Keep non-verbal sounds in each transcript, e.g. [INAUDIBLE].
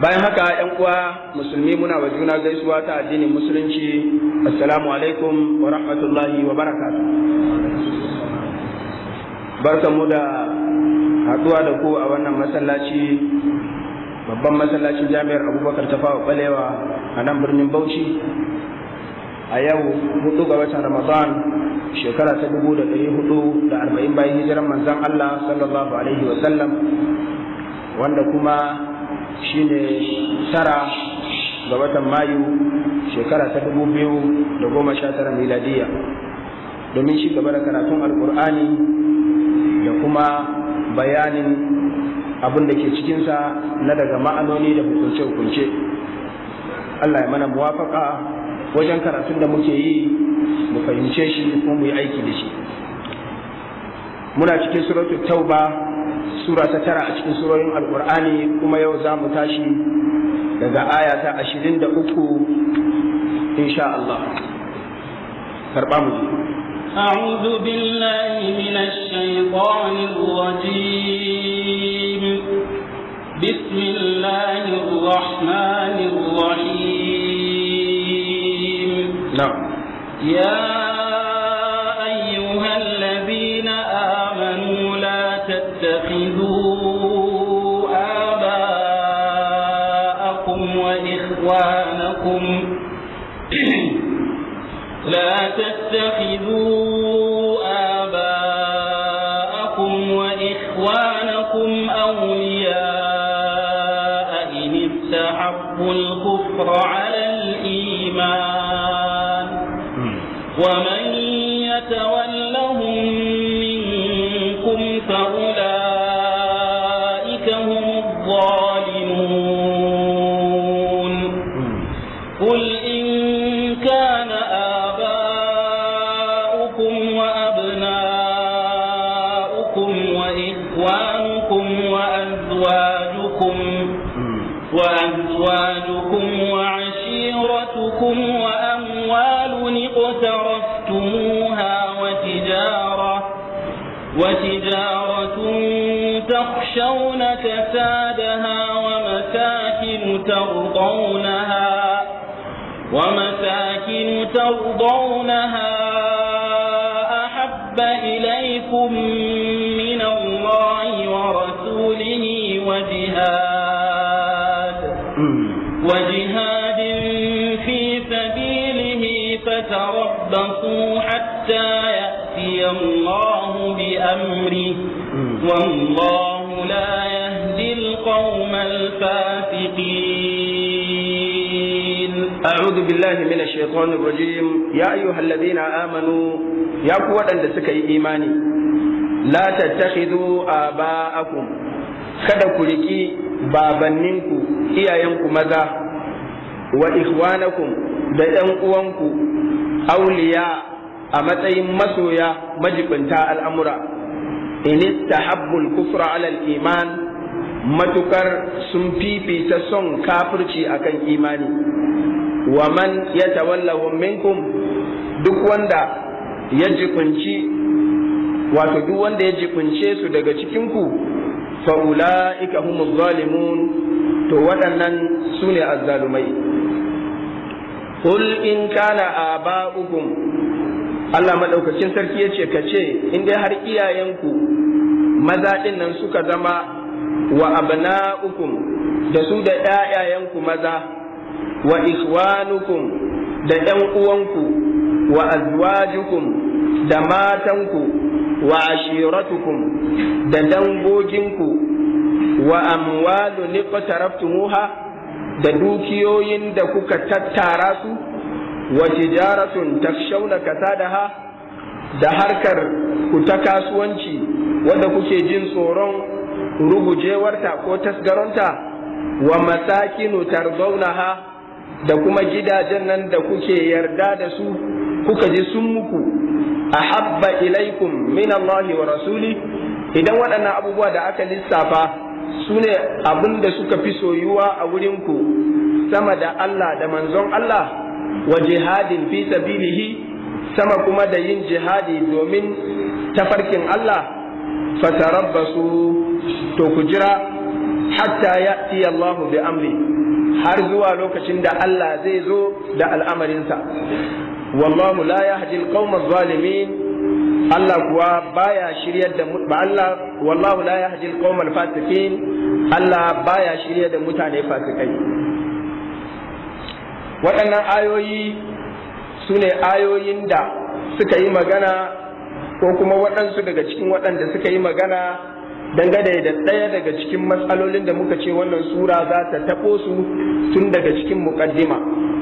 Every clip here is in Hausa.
bayan haka yan uwa musulmi muna wa juna gaisuwa ta addinin musulunci assalamu alaikum wa rahmatullahi wa barakatuh barkanmu da haɗuwa da ku a wannan masallaci babban masallacin jami'ar abubakar ta fawa balewa a nan birnin bauchi a yau hudu ga watan ramadan shekara ta dubu da ɗari hudu da arba'in bayan hijiran manzan allah sallallahu alaihi wasallam wanda kuma shine tara ga watan mayu shekara ta dubu biyu da goma sha tara miladiya domin shi gaba da karatun alkur'ani da kuma bayanin abin da ke cikinsa na daga ma'anoni da hukunce-hukunce allah ya mana muwafaka wajen karatun da muke yi mu fahimce shi kuma mu yi aiki da shi muna cikin suratul tauba sura ta tara a cikin surorin alkur'ani kuma yau za mu tashi daga aya ta ashirin da uku insha Allah karɓa mu ji أعوذ بالله من الشيطان الرجيم بسم الله الرحمن الرحيم نعم يا تتخذوا آباءكم وإخوانكم [CLEARS THROAT] لا تتخذوا تخشون كسادها ومساكن ترضونها ومساكن ترضونها أحب إليكم من الله ورسوله وجهاد وجهاد في سبيله فتربصوا حتى يأتي الله بأمره والله قوم الفاسقين أعوذ بالله من الشيطان الرجيم يا أيها الذين آمنوا يا قوة لسكي إيماني لا تتخذوا آباءكم kada ku riƙi babanninku iyayenku maza wa ikhwanakum da ‘yan uwanku auliya a matsayin masoya majibinta al'amura in istahabbul kufra alal iman matukar sun fifita son kafirci akan imani wa man ya tawallahu minkum duk wanda ya jikunci wato duk wanda ya jikunce su daga cikinku fa ula'ika zalimun to waɗannan su ne azzalumai qul in kana aba'ukum Allah madaukakin sarki yace kace in dai har iyayenku maza ɗin nan suka zama wa abna'ukum da su da ƴaƴayenku maza wa ikhwanukum da ƴan uwanku wa azwajukum da matanku wa ashiratukum da dangoginku wa amwalu niqtaraftumuha da dukiyoyin da kuka tattara su wa tijaratun takshawna kasadaha da harkar ku ta kasuwanci wanda kuke jin tsoron rugujewarta ko tasgaronta wa masakinu tarzaunaha da kuma gidajen nan da kuke yarda da su kuka ji sun muku ahabba ilaikum min Allahi wa rasuli idan waɗannan abubuwa da aka lissafa su ne abin da suka fi soyuwa a wurinku sama da Allah da manzon Allah wa jihadin fi sabilihi sama kuma da yin jihadi domin tafarkin Allah fatarabbasu to ku jira hatta ya'ti Allah bi amri har zuwa lokacin da Allah zai zo da al'amarinsa wallahu la yahdi alqawma zalimin Allah kuwa baya shiryar da ba Allah wallahu la yahdi alqawma qawma Allah baya shiryar da mutane fasikai waɗannan ayoyi sune ayoyin da suka yi magana ko kuma waɗansu daga cikin waɗanda suka yi magana dangane da ɗaya daga cikin matsalolin da muka ce wannan sura za ta taɓo su tun daga cikin muƙaddima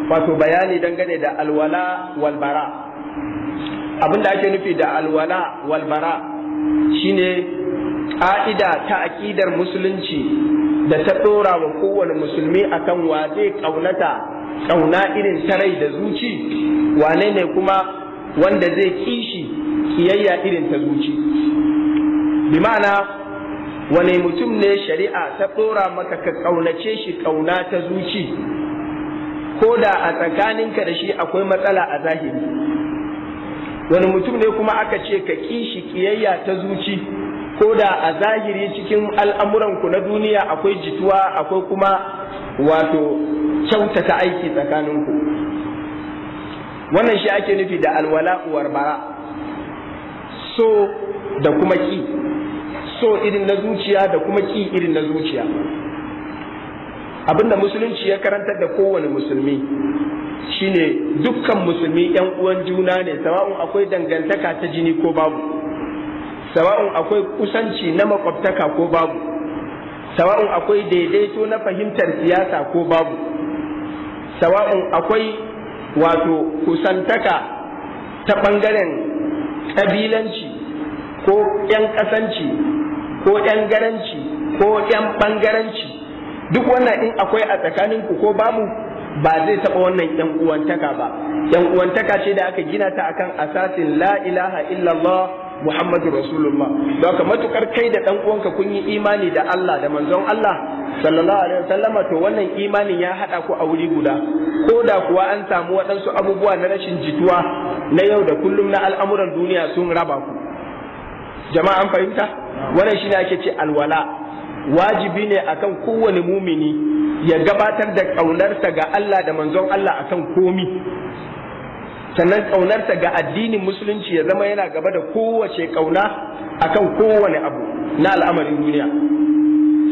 wato bayani dangane da alwala walbara abin da ake nufi da alwala walbara shine ƙa'ida ta aƙidar musulunci da ta ɗora wa kowane musulmi akan wa zai ƙaunata ƙauna irin tarai da zuci wane ne kuma wanda zai kishi kiyayya irin ta zuci bi ma'ana wane mutum ne shari'a ta ɗora maka ka ƙaunace shi ƙauna ta zuci ko da a tsakaninka da shi akwai matsala a zahiri wani mutum ne kuma aka ce ka ƙi shi ƙiyayya ta zuci ko da a zahiri cikin al'amuranku na duniya akwai jituwa akwai kuma wato kyautata aiki tsakaninku wannan shi ake nufi da alwala uwar bara so da kuma ki so irin na zuciya da kuma ki irin na zuciya abinda musulunci ya karantar da kowane musulmi shine dukkan musulmi yan uwan juna ne sawa'un akwai dangantaka ta jini ko babu sawa'un akwai kusanci na makwabtaka ko babu sawa'un akwai daidaito na fahimtar siyasa ko babu sawa'un akwai wato kusantaka ta ɓangaren ƙabilanci ko ƴan ƙasanci ko ƴan garanci ko ƴan ɓangaranci duk wannan in akwai a tsakanin ku ko babu ba zai taɓa wannan ƴan uwantaka ba ƴan uwantaka ce da aka gina ta akan asasin la ilaha illallah Muhammadu Rasulullah don ka matukar kai da ɗan uwanka kun yi imani da Allah da manzon Allah sallallahu alaihi wasallam to wannan imanin ya haɗa ku a wuri guda ko da kuwa an samu waɗansu abubuwa na rashin jituwa na yau da kullum na al'amuran duniya sun raba ku jama'a an fahimta wannan shine ake ce alwala wajibi ne akan kowane mumini ya gabatar da ƙaunarsa ga Allah da manzon Allah akan komi sannan ƙaunarsa ga addinin musulunci ya zama yana gaba da kowace ƙauna akan kowane abu na al'amarin duniya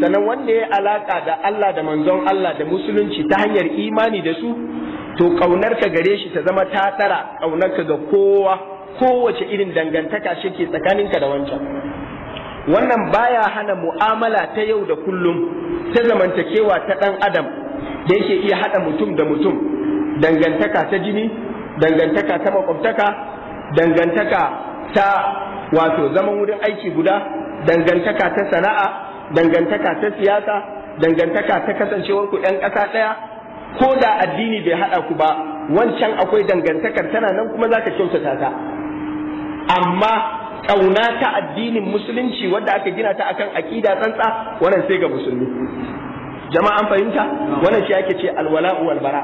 sannan wanda ya alaƙa da Allah da manzon Allah da musulunci ta hanyar imani da su to ƙaunarka gare shi ta zama ta tsara ƙaunarka ga kowa kowace irin dangantaka shi ke tsakaninka da wancan wannan baya hana mu'amala ta yau da kullum ta zamantakewa ta ɗan adam da yake iya haɗa mutum da mutum dangantaka ta jini dangantaka ta makwabtaka dangantaka ta wato zaman wurin aiki guda dangantaka ta sana'a dangantaka ta siyasa dangantaka ta kasancewar ku 'yan ƙasa ɗaya ko da addini bai haɗa ku ba wancan akwai dangantakar tana nan kuma za ka kyautata ta amma ƙauna ta addinin musulunci wadda aka gina ta akan aƙida tsantsa wannan sai ga musulmi jama'an fahimta wannan shi ake ce alwala wal bara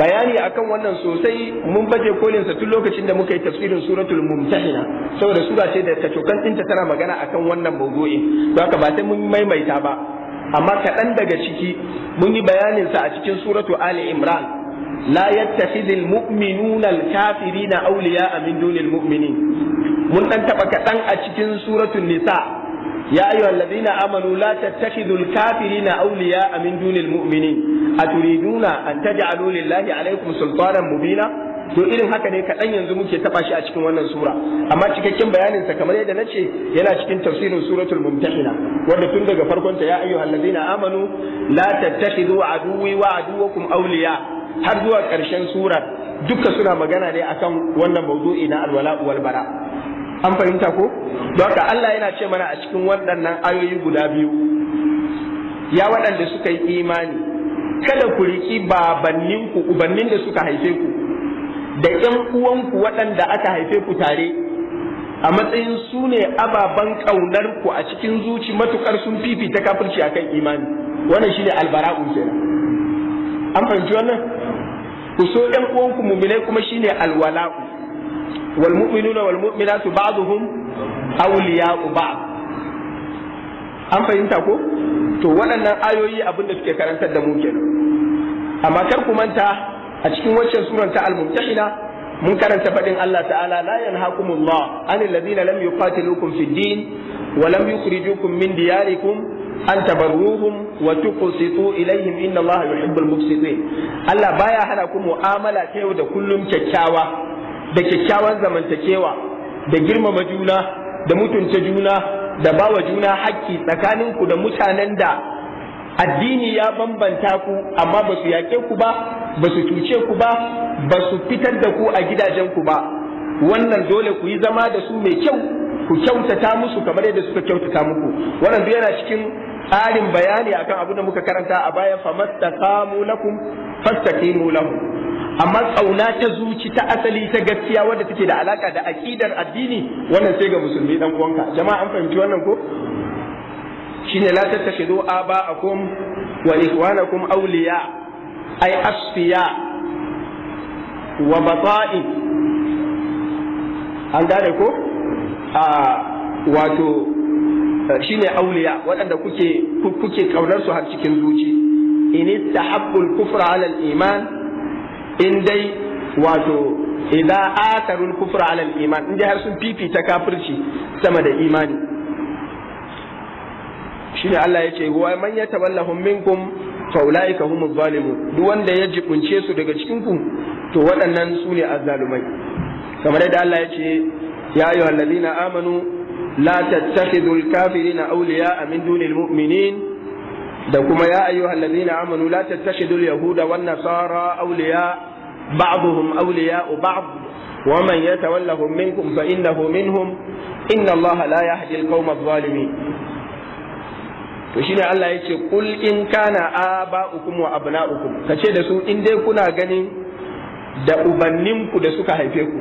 bayani akan wannan sosai mun baje kolin sa tun lokacin da muka yi tafsirin suratul mumtahina saboda sura ce da ta ɗinta tana magana akan wannan mawdu'in don haka ba sai mun maimaita ba amma kaɗan daga ciki mun yi bayanin sa a cikin suratu ali imran la yattakhidhul mu'minuna al-kafirina awliya'a min dunil mu'minin mun dan taba kadan a cikin suratul nisa يا أيها الذين آمنوا لا تتخذوا الكافرين أولياء من دون المؤمنين أتريدون أن تجعلوا لله عليكم سلطانا مبينا to irin haka ne kaɗan yanzu muke taɓa shi a cikin wannan sura amma cikakken bayanin sa kamar yadda nace yana cikin tafsirin suratul mumtahina wanda tun daga farkon ta ya ayyuhallazina amanu la tattakhidhu aduwwi wa aduwwakum awliya har zuwa ƙarshen surar duka suna magana ne akan wannan mawdu'i na alwala wal bara an fahimta ko don haka Allah yana ce mana a cikin waɗannan ayoyi guda biyu ya waɗanda suka yi imani kada ku riƙi babanninku ubannin da suka haife ku da ƴan uwanku waɗanda aka haife ku tare a matsayin su ne ababen ƙaunar ku a cikin zuci matukar sun fifita kafirci akan imani wannan shine albara'u kenan an fahimci wannan ku so ƴan uwanku mu'minai kuma shine alwala'u wal mu'minuna wal mu'minatu ba'dhum awliya'u ba'd an fahimta ko to waɗannan ayoyi abinda suke karantar da mu kenan amma kar ku manta a cikin waccan suran ta al-mumtahina mun karanta faɗin Allah ta'ala la yanhaakumullah anil ladina lam yuqatilukum fid din wa lam yukhrijukum min diyarikum an tabarruhum wa tuqsitu ilaihim inna Allah yuhibbul muqsitin Allah baya hana ku mu'amala ta yau da kullum kyakkyawa da kyakkyawan zamantakewa da girmama juna da mutunta juna da bawa juna haƙƙi ku da mutanen da addini ya bambanta ku amma ba su yaƙe ku ba ba su cuce ku ba ba su fitar da ku a gidajen ku ba wannan dole ku yi zama da su mai kyau ku kyautata musu kamar yadda suka kyautata muku wannan duk yana cikin Tsarin bayani akan abin da muka karanta a baya fa mastaqamu lakum fastaqimu lahum amma tsauna ta zuci ta asali ta gaskiya wadda take da alaka da aqidar addini wannan sai ga musulmi dan uwanka jama'a an fahimci wannan ko shine la tattakhidu aba'akum wa ikhwanakum awliya ay asfiya wa bata'i an gane ko a ah, wato Eh, shine auliya waɗanda kuke kuke kaunar su har cikin zuci in tahabbul kufra ala iman in dai wato idan atarul kufra ala iman in dai har sun fifita kafirci sama da imani shine Allah yace wa man yatawallahum minkum faulaika humu zalimu duk wanda ya jibunce su daga cikin ku to waɗannan su ne azzalumai kamar yadda Allah yace ya ayyuhallazina amanu la tattakhidul kafirina awliya min dunil mu'minin da kuma ya ayyuhal ladina amanu la tattakhidul yahuda wan nasara awliya ba'dhum awliya ba'd wa man yatawallahum minkum fa innahu minhum inna allaha la yahdi al-qawma adh-dhalimin to Allah yace kul in kana aba'ukum wa da su in dai kuna ganin da ubanninku da suka haife ku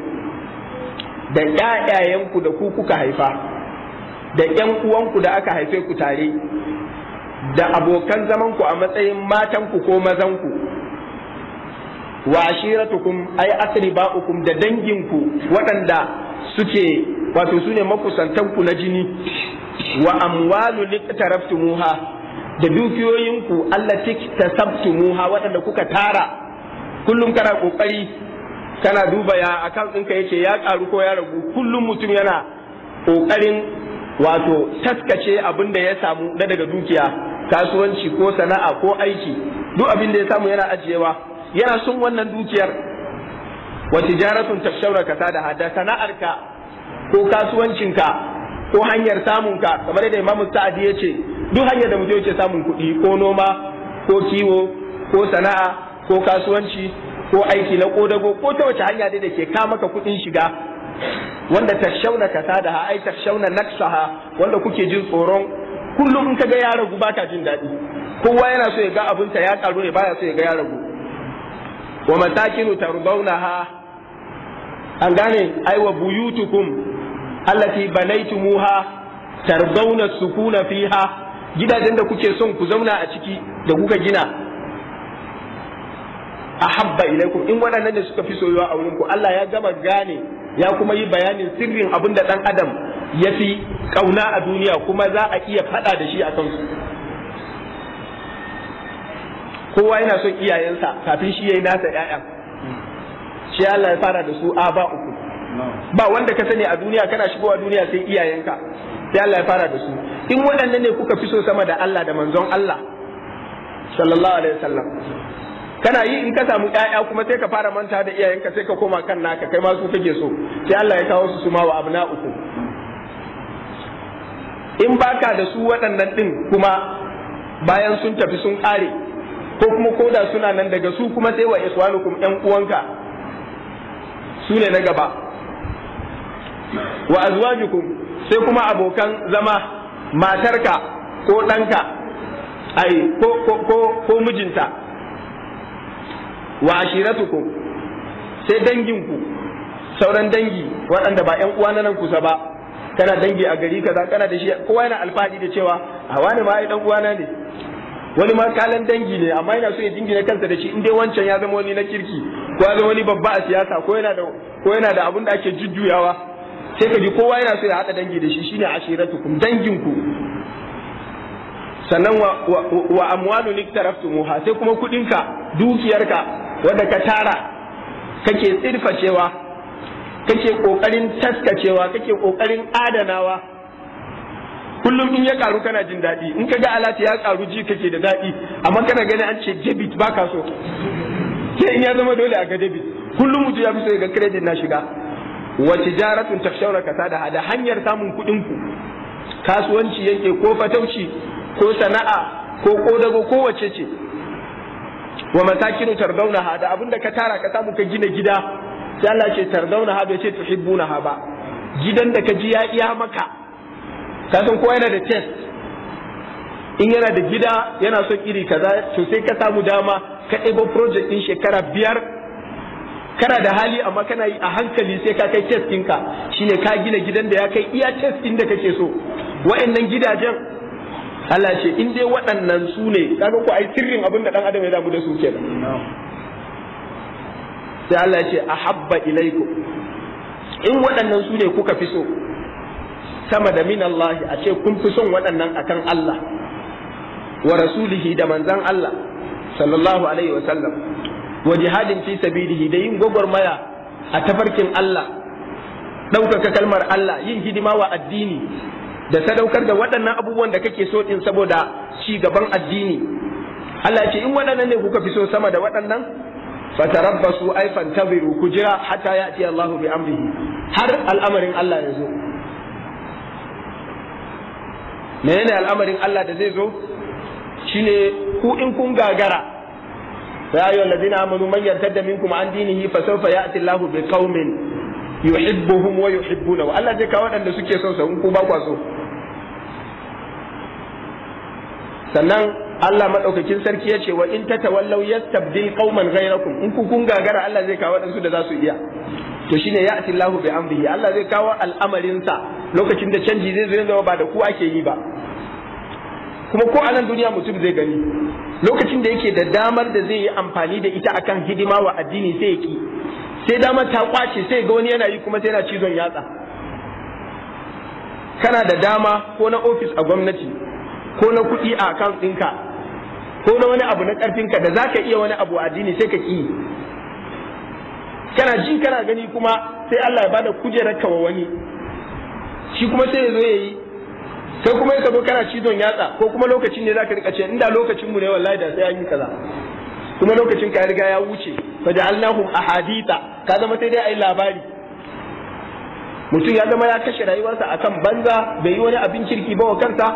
da ƴaƴayenku da ku kuka haifa da ƴan uwanku da aka haife ku tare da abokan zamanku a matsayin matanku ko mazanku wa ashiratukum ay asriba'ukum da danginku waɗanda suke wato sune makusantanku na jini wa amwalu liqtaraftumuha da dukiyoyinku allati tasabtumuha waɗanda kuka tara kullum kana kokari kana duba ya akan ɗinka yake ya ƙaru ko ya ragu kullum mutum yana ƙoƙarin wato taskace abin da ya samu na daga dukiya kasuwanci ko sana'a ko aiki duk abin da ya samu yana ajiyewa yana sun wannan dukiyar wa tijaratun tashawra ka hada da sana'arka ko kasuwancinka ko hanyar samunka kamar da imamu sa'adi ya ce duk hanyar da mutum yake samun kuɗi ko noma ko kiwo ko sana'a ko kasuwanci ko aiki na kodago ko ta wace hanya dai da ke ka maka kuɗin shiga wanda tashauna ha ai tashauna naksaha wanda kuke jin tsoron kullum in kaga ya ragu baka jin daɗi kowa yana so ya ga ta ya karu ne baya so ya ga ya ragu wa matakinu ha. an gane ai wa buyutukum allati banaitumuha tarbauna sukuna fiha gidajen da kuke son ku zauna a ciki da kuka gina ahabba ilaikum in waɗannan ne suka fi soyuwa a wurinku Allah ya gama gane ya kuma yi bayanin sirrin abin da dan adam ya fi ƙauna a duniya kuma za a iya faɗa da shi a kan su. kowa yana son iyayensa kafin shi yayi nasa ƴaƴan shi Allah ya fara da su a ba uku ba wanda ka sani a duniya kana shigowa duniya sai iyayenka sai Allah ya fara da su in waɗannan ne kuka fi so sama da Allah da manzon Allah sallallahu alaihi wasallam kana yi in ka samu ƴaƴa kuma sai ka fara manta da iyayenka sai ka koma kan naka kai ma su kake so sai Allah ya kawo su su ma wa uku. in baka da su waɗannan din kuma bayan sun tafi sun kare ko kuma koda suna nan daga su kuma sai wa iswanukum ƴan uwanka su ne na gaba wa azwajukum sai kuma abokan zama matarka ko ɗanka ai ko ko ko, ko mijinta wa ashiratukum sai danginku sauran dangi waɗanda ba ƴan uwa na nan kusa ba kana dangi a gari kaza kana da shi kowa yana alfahari da cewa a wani ma ai dan uwana ne wani ma kalan dangi ne amma yana so ya dingina kansa da shi in dai wancan ya zama wani na kirki ko ya zama wani babba a siyasa ko yana da ko yana da abin da ake jujjuyawa sai ka ji kowa yana so ya haɗa dangi da shi shine ashiratukum danginku sannan wa amwalu niktaraftumuha sai kuma kudinka dukiyarka wadda ka tara kake tsirfacewa kake kokarin taskacewa kake kokarin adanawa kullum in ya karu kana jin daɗi in ka ga alati ya karu ji kake da daɗi amma kana gani an ce debit baka so sai in ya zama dole a ga debit kullum mutum ya fi so ga credit na shiga wa tijaratun tafshawra kasada da hanyar samun kuɗin ku kasuwanci yake ko fatauci ko sana'a ko kodago ko wace ce wa tardauna ha da abin da ka tara ka samu ka gina gida sai Allah ce ha bai ce ha ba gidan da ka ji ya iya maka ka san ko yana da test in yana da gida yana son iri kaza to sai ka samu dama ka ɗebo project din shekara biyar kana da hali amma kana yi a hankali sai ka kai test ɗinka shine ka gina gidan da ya kai iya test ɗin da kake so wa'annan gidajen Allah ce in dai waɗannan su ne kaga ku ai sirrin abin da dan adam ya damu da su kenan sai Allah ce ahabba ilaikum in waɗannan su ne kuka fi so sama da min Allah a ce kun fi son waɗannan akan Allah wa rasulihi da manzan Allah sallallahu alaihi wa sallam wa jihadin fi sabilihi da yin gwagwarmaya a tafarkin Allah ɗaukaka kalmar Allah yin hidima wa addini da sadaukar da waɗannan abubuwan da kake so din saboda ci gaban addini Allah ce in waɗannan ne kuka fi so sama da waɗannan fatarabbasu ay fantabiru ku jira hatta ya'ti Allah bi amrihi har al'amarin Allah ya zo menene al'amarin Allah da zai zo shine ku in kun gagara ya ayyuhal ladina amanu man yartadda minkum an dinihi fa sawfa ya'ti Allah bi qaumin yuhibbuhum wa yuhibbunahu Allah zai kawo waɗanda suke son sa in ku ba ku so sannan Allah madaukakin sarki ya ce wa in tawallau yastabdil qauman ghayrakum in ku kun gagara Allah zai kawo waɗansu da za su iya to shine ya ati Allahu bi amrihi Allah zai kawo al'amarin sa lokacin da canji zai zo zama ba da ku ake yi ba kuma ko a nan duniya mutum zai gani lokacin da yake da damar da zai yi amfani da ita akan hidima wa addini sai ya ki sai damar ta kwace sai ga wani yana yi kuma sai yana cizon yatsa kana da dama ko na ofis a gwamnati ko na kuɗi a account ɗinka ko na wani abu na ƙarfinka da za ka iya wani abu addini sai ka ki kana ji kana gani kuma sai Allah ya bada kujerar ka wa wani shi kuma sai ya zo ya sai kuma ya zo kana don yatsa ko kuma lokacin ne za ka rika ce inda lokacin mu ne wallahi da sai an yi kaza kuma lokacin ka ya riga ya wuce fa ja'alnahum ahadita ka zama sai dai yi labari mutum ya zama ya kashe rayuwarsa akan banza bai yi wani abin kirki ba wa kansa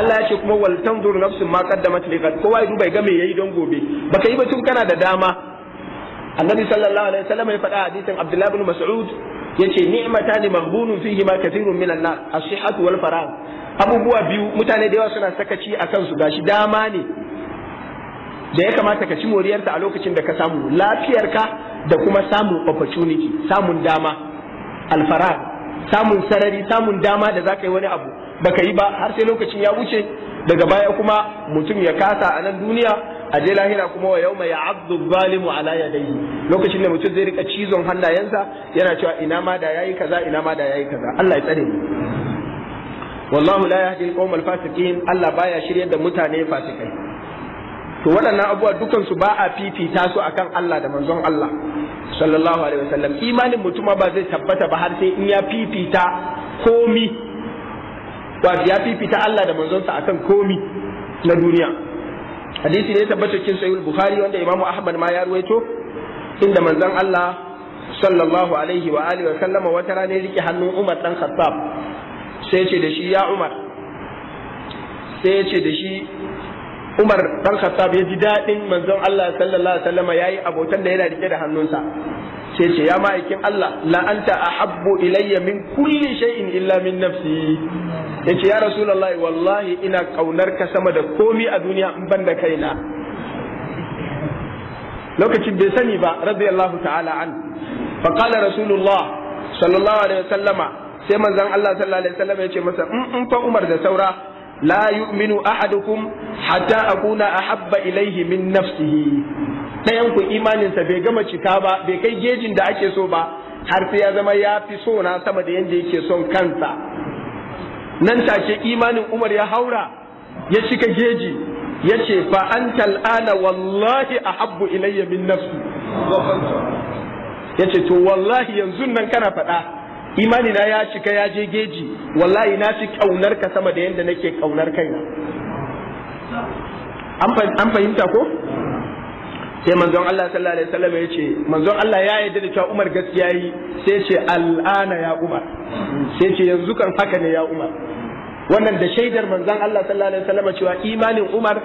Allah ya ce kuma wal tanzur nafsin ma qaddamat liqad kowa ya duba ya ga me yayi don gobe baka yi ba tun kana da dama annabi sallallahu alaihi wasallam ya faɗa hadisin abdullahi ibn mas'ud yace ni mabunu fihi ma kathirun min an-nas as-sihhatu wal farag abubuwa biyu mutane da yawa suna sakaci a su gashi dama ne da ya kamata ka ci moriyarta a lokacin da ka samu lafiyarka da kuma samun opportunity samun dama alfara samun sarari samun dama da za ka yi wani abu ba ka yi ba har sai lokacin ya wuce daga baya kuma mutum ya kasa a nan duniya a je lahira kuma wa yauma ya'addu zalimu ala yadayhi lokacin da mutum zai rika cizon hannayensa yana cewa ina ma da yayi kaza ina ma da yayi kaza Allah ya tsare mu wallahu la yahdi al-qawm al-fasiqin Allah baya shiryar da mutane fasikai to waɗannan abubuwa dukansu ba a fifita su akan Allah da manzon Allah sallallahu alaihi wasallam imanin mutuma ba zai tabbata ba har sai in ya fifita komi ba ya fifita Allah da manzonsa akan komi na duniya hadisi ne tabbata cikin sahih bukhari wanda imamu ahmad ma ya ruwaito inda manzon Allah sallallahu alaihi wa alihi wasallam sallama wata rana ya rike hannun Umar dan Khattab sai ce da shi ya Umar sai ce da shi Umar dan Khattab ya ji daɗin manzon Allah sallallahu alaihi wasallam yayi abotan da yana rike da hannunsa sai ce ya ma'aikin Allah la anta ahabbu ilayya min kulli shay'in illa min nafsi yace ya rasulullahi wallahi ina kaunar ka sama da komi a duniya in ban da kaina lokacin bai sani ba radiyallahu ta'ala an fa qala rasulullah sallallahu alaihi wasallama sai manzon Allah sallallahu alaihi ya ce masa in mm, mm, fa Umar da saura la yu'minu ahadukum hatta akuna ahabba ilaihi min nafsihi ɗayan ku imaninsa bai gama cika ba bai kai gejin da ake so ba har sai ya zama ya fi so na sama da yanda yake son kansa nan take imanin Umar ya haura ya cika geji ya ce fa anta al'ana wallahi ahabbu ilayya min nafsi ya ce to wallahi yanzu nan kana faɗa imani na ya cika ya je geji wallahi na fi kaunar ka sama da yadda nake kaunar kai. an fahimta ko sai manzon Allah sallallahu alaihi wasallam ya ce manzon Allah ya yarda da cewa Umar gaskiya yi sai ce al'ana ya Umar sai ce yanzu kan haka ne ya Umar wannan da shaidar manzon Allah sallallahu alaihi wasallam cewa imanin Umar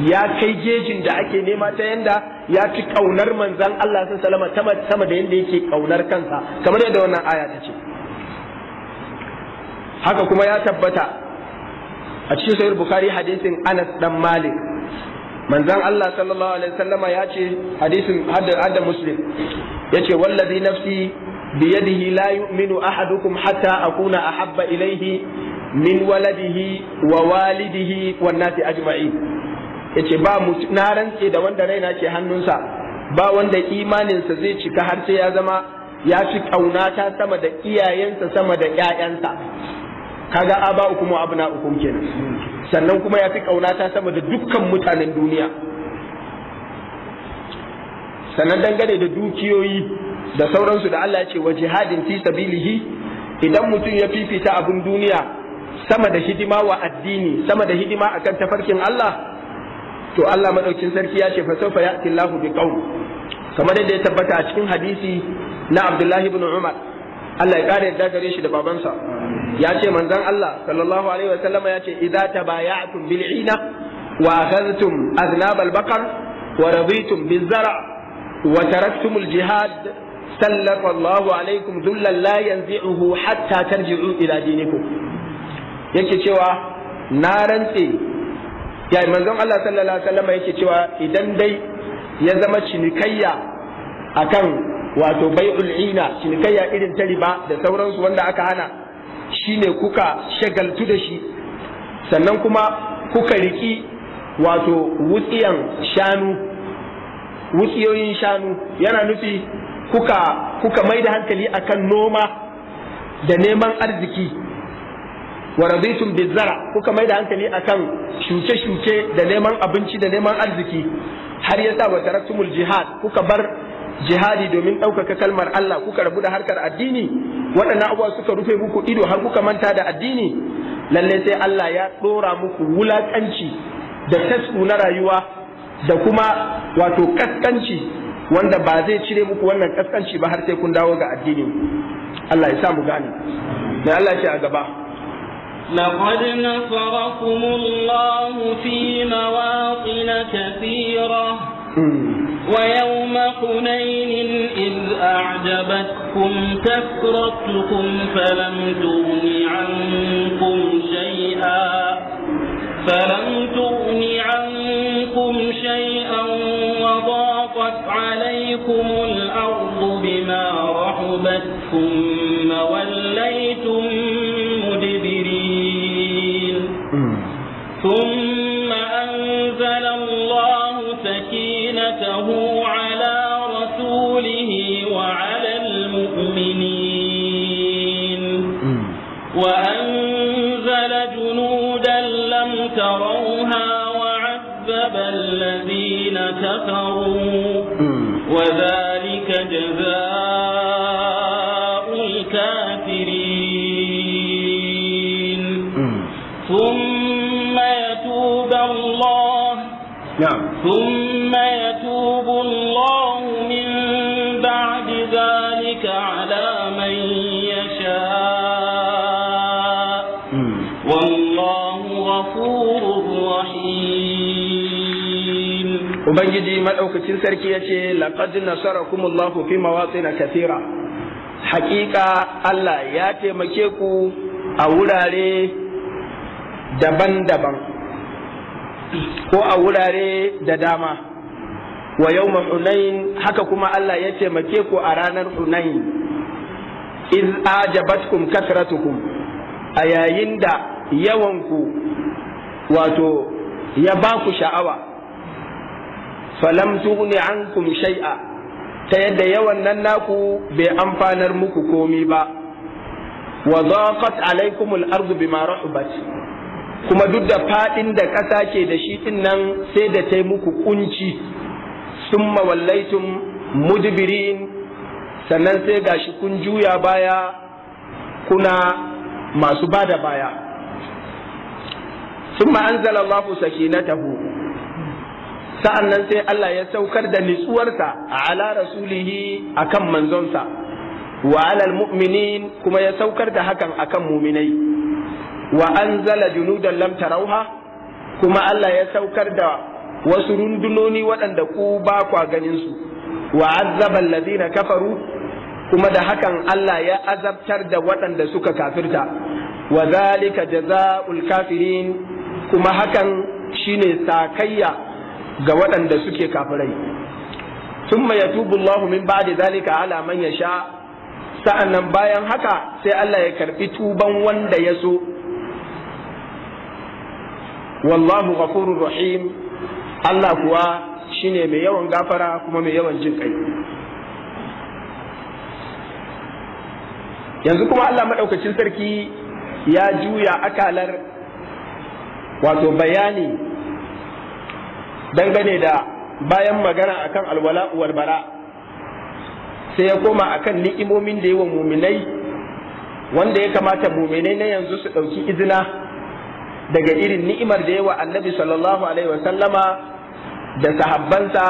ya kai gejin da ake nema ta yanda ya fi kaunar manzon Allah sallallahu alaihi wasallam sama da yanda yake kaunar kansa kamar yadda wannan aya ta ce haka kuma ya tabbata a cikin sahih bukhari hadisin anas dan malik manzon Allah sallallahu alaihi wasallama ya ce hadisin hadda muslim yace wallazi nafsi biyadihi la yu'minu ahadukum hatta akuna ahabba ilayhi min waladihi wa walidihi wan nasi ajma'in yace ba mu na rantse da wanda raina ke hannunsa ba wanda imaninsa zai cika har sai ya zama ya fi ƙaunata sama da iyayensa sama da ƴaƴansa kaga mu abna uku kenan sannan kuma ya fi ta sama da dukkan mutanen duniya sannan dangane da dukiyoyi da sauransu da Allah ya ce wa jihadin fi sabilihi idan mutum ya fifita abun duniya sama da hidima wa addini sama da hidima akan tafarkin Allah to Allah madaukin sarki ya ce fa sawfa ya'ti Allahu bi qaum kamar da ya tabbata a cikin hadisi na Abdullahi ibn Umar Allah ya kare yadda gare shi da babansa ya ce manzon Allah sallallahu alaihi wa sallama ya ce idza tabaya'tum bil ina wa akhadhtum aznab al baqar wa biz wa taraktum al jihad sallata Allahu alaikum dhullan la yanzi'uhu hatta tarji'u ila dinikum yake cewa na rantse ya manzon Allah sallallahu alaihi wa sallama yake cewa idan dai ya zama cinikayya akan wato bai'ul ina cinikayya irin ta riba da sauransu wanda aka hana shine kuka shagaltu da shi sannan kuma kuka riki wato wutsiyan shanu wutsiyoyin shanu yana nufi kuka kuka mai da hankali akan noma da neman arziki wa raditum bizara kuka mai da hankali akan shuke-shuke da neman abinci da neman arziki har yasa wa taraktumul jihad kuka bar jihadi domin ɗaukaka kalmar Allah kuka rabu da harkar addini waɗannan abubuwa suka rufe muku ido har kuka manta da addini lalle sai Allah ya ɗora muku wulaƙanci da tasku na rayuwa da kuma wato ƙasƙanci, wanda ba zai cire muku wannan kaskanci ba har sai kun dawo ga addini Allah ya sa mu gane dan Allah ce a gaba لقد نصركم الله في مواطن كثيره ويوم حنين إذ أعجبتكم كثرتكم فلم تغن عنكم شيئا فلم تغن عنكم شيئا وضاقت عليكم الأرض بما رحبت ثم وليتم مدبرين ثم زينته على رسوله وعلى المؤمنين وأنزل جنودا لم تروها وعذب الذين كفروا وذلك جزاء ubangiji madaukakin sarki yace laqad Allahu fi mawatin kathira haƙiƙa Allah ya taimake ku a wurare daban-daban ko a wurare da dama wa yawma hunain haka kuma Allah ya taimake ku a ranar hunain iz ajabatkum kathratukum a yayin da yawanku wato ya ba ku sha'awa falam tughni ankum shay'a ta yadda yawan nan naku bai amfanar muku komi ba wa dhaqat alaikum al-ardu bima rahubat kuma duk da fadin da ƙasa ke da shi din nan sai da tai muku kunci summa wallaitum mudbirin sannan sai gashi kun juya baya kuna masu bada baya summa anzala na sakinatahu sa'an nan sai Allah ya saukar da nitsuwarsa a ala rasulihi akan manzonsa wa alal mu'minin kuma ya saukar da hakan akan muminai wa anzala junudan lam tarauha kuma Allah ya saukar da wasu rundunoni waɗanda ku ba kwa ganinsu. su wa kafaru kuma da hakan Allah ya azabtar da waɗanda suka kafirta wa zalika jazaa'ul kafirin kuma hakan shine sakayya ga waɗanda suke kafirai thumma yatubu Allahu min da zalika ala man sha sa'annan bayan haka sai Allah ya karɓi tuban wanda ya so wallahu ghafurur rahim Allah kuwa shine mai yawan gafara kuma mai yawan jin kai yanzu kuma Allah maɗaukacin sarki ya juya akalar wato bayani dangane da bayan magana akan alwala uwar bara sai ya koma akan ni'imomin da yawa muminai wanda ya kamata muminai na yanzu su ɗauki izina daga irin ni'imar da yawa annabi sallallahu alaihi sallama da sahabbansa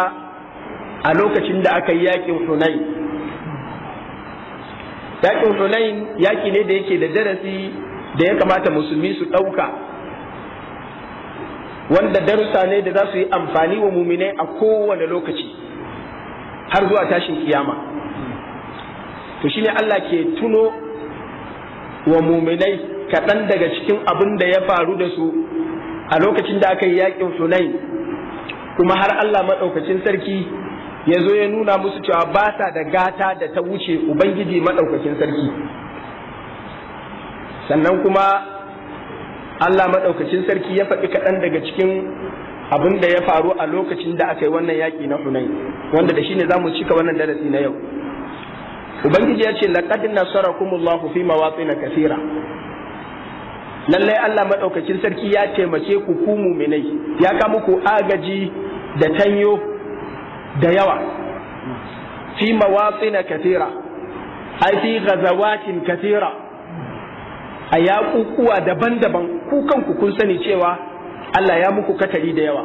a lokacin da aka yi yakin hunain yakin hunain yaki ne da yake da darasi da ya kamata musulmi su ɗauka wanda darussa ne da za su yi amfani wa muminai a kowane lokaci har zuwa tashin kiyama to shine Allah ke tuno wa muminai kaɗan daga cikin abin da ya faru da su a lokacin da aka yi yakin sunai kuma har Allah maɗaukacin sarki ya zo ya nuna musu cewa ba sa da gata da ta wuce Ubangiji maɗaukacin sarki sannan kuma Allah maɗaukacin sarki ya faɗi kaɗan daga cikin abin da ya faru a lokacin da aka yi wannan yaki na Hunayn wanda da shine zamu cika wannan darasi na yau Ubangiji ya ce laqad nasarakumullahu fi mawatin kaseera lallai Allah maɗaukacin sarki ya taimake ku ku muminai ya ka muku agaji da tanyo da yawa fi mawatin kaseera ai fi ghazawatin kaseera a yaƙuƙuwa daban-daban ku kanku kun sani cewa Allah ya muku katari da yawa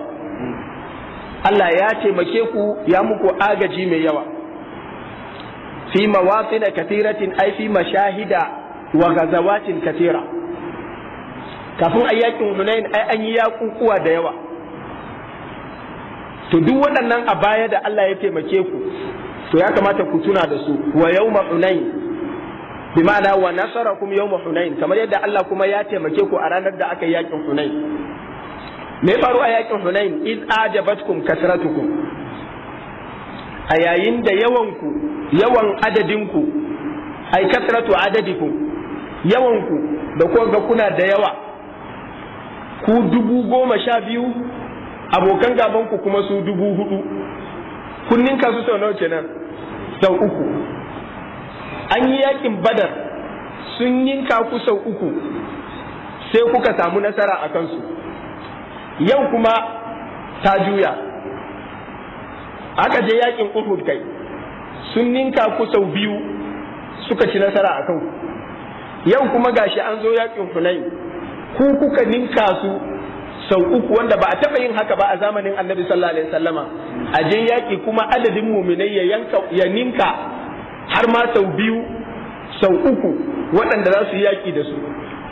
Allah ya taimake ku ya muku agaji mai yawa fi mawaqina kathiratin ai fi mashahida wa gazawatin kafin a yakin Hunain ai an yi yaƙuƙuwa da yawa to duk waɗannan a baya da Allah ya taimake ku to ya kamata ku tuna da su wa yau bi ma'ana wa nasarakum yawma hunain kamar yadda Allah kuma ya taimake ku a ranar da aka yi yakin hunain me faru a yakin hunain id ajabatkum kasratukum a yayin da yawanku yawan adadinku ai kasratu adadikum yawanku da ko ga kuna da yawa ku dubu goma sha biyu abokan gabanku kuma su dubu hudu kunnin ninka su sau nawa kenan sau uku an yi yakin badar sun yinka ku sau uku sai kuka samu nasara a kansu yau kuma ta juya aka je yakin uhud kai sun ninka ku sau biyu suka ci nasara a kanku yau kuma gashi an zo yakin hunain ku kuka ninka su sau uku wanda ba a taɓa yin haka ba a zamanin annabi sallallahu alaihi wasallama a je yaki kuma adadin muminai ya yanka ya ninka har ma sau biyu sau uku waɗanda za su yi yaƙi da su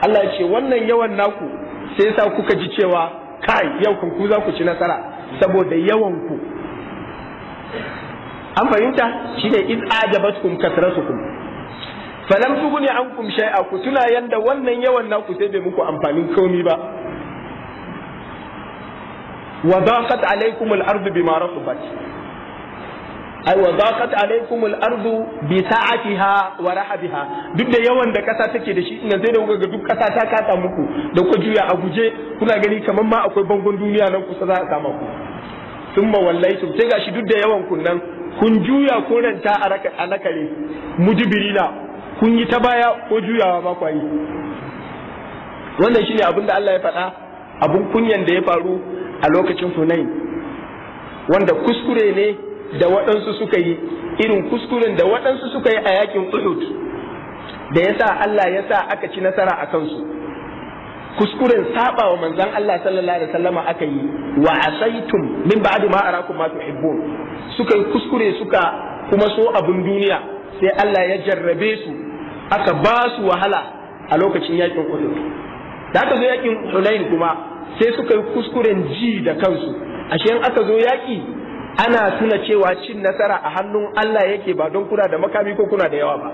Allah ya ce wannan yawan naku sai sa kuka ji cewa kai yau ku za ku ci nasara saboda yawan ku an fahimta shi ne iz ajabatkum kasratukum falam tughni ankum shay'a ku tuna yanda wannan yawan naku sai bai muku amfanin komi ba wa daqat alaykum al-ardu bima ai wa zaqat alaikum al-ardu bi sa'atiha wa rahabiha duk da yawan da kasa take da shi in yanzu da kuka ga duk kasa ta kasa muku da ku juya a guje kuna gani kamar ma akwai bangon duniya nan kusa za a kama ku thumma wallaitum sai gashi duk da yawan kun nan kun juya ko ranta a nakare mujibirina kun yi ta baya ko juyawa ba kwayi wannan shine abin da Allah ya faɗa abun kunyan da ya faru a lokacin Hunain wanda kuskure ne da waɗansu suka yi irin kuskuren da waɗansu suka yi a yakin Uhud da yasa Allah ya sa aka ci nasara a kansu kuskuren saba wa manzon Allah sallallahu alaihi wasallama aka yi wa asaitum min ba'di ma arakum ma tuhibbun suka kuskure suka kuma so abun duniya sai Allah ya jarrabe su aka ba su wahala a lokacin yakin Uhud da aka zo yakin Hunain kuma sai suka yi kuskuren ji da kansu ashe in aka zo yaki ana tuna cewa cin nasara a hannun Allah yake ba don kuna da makami ko kuna da yawa ba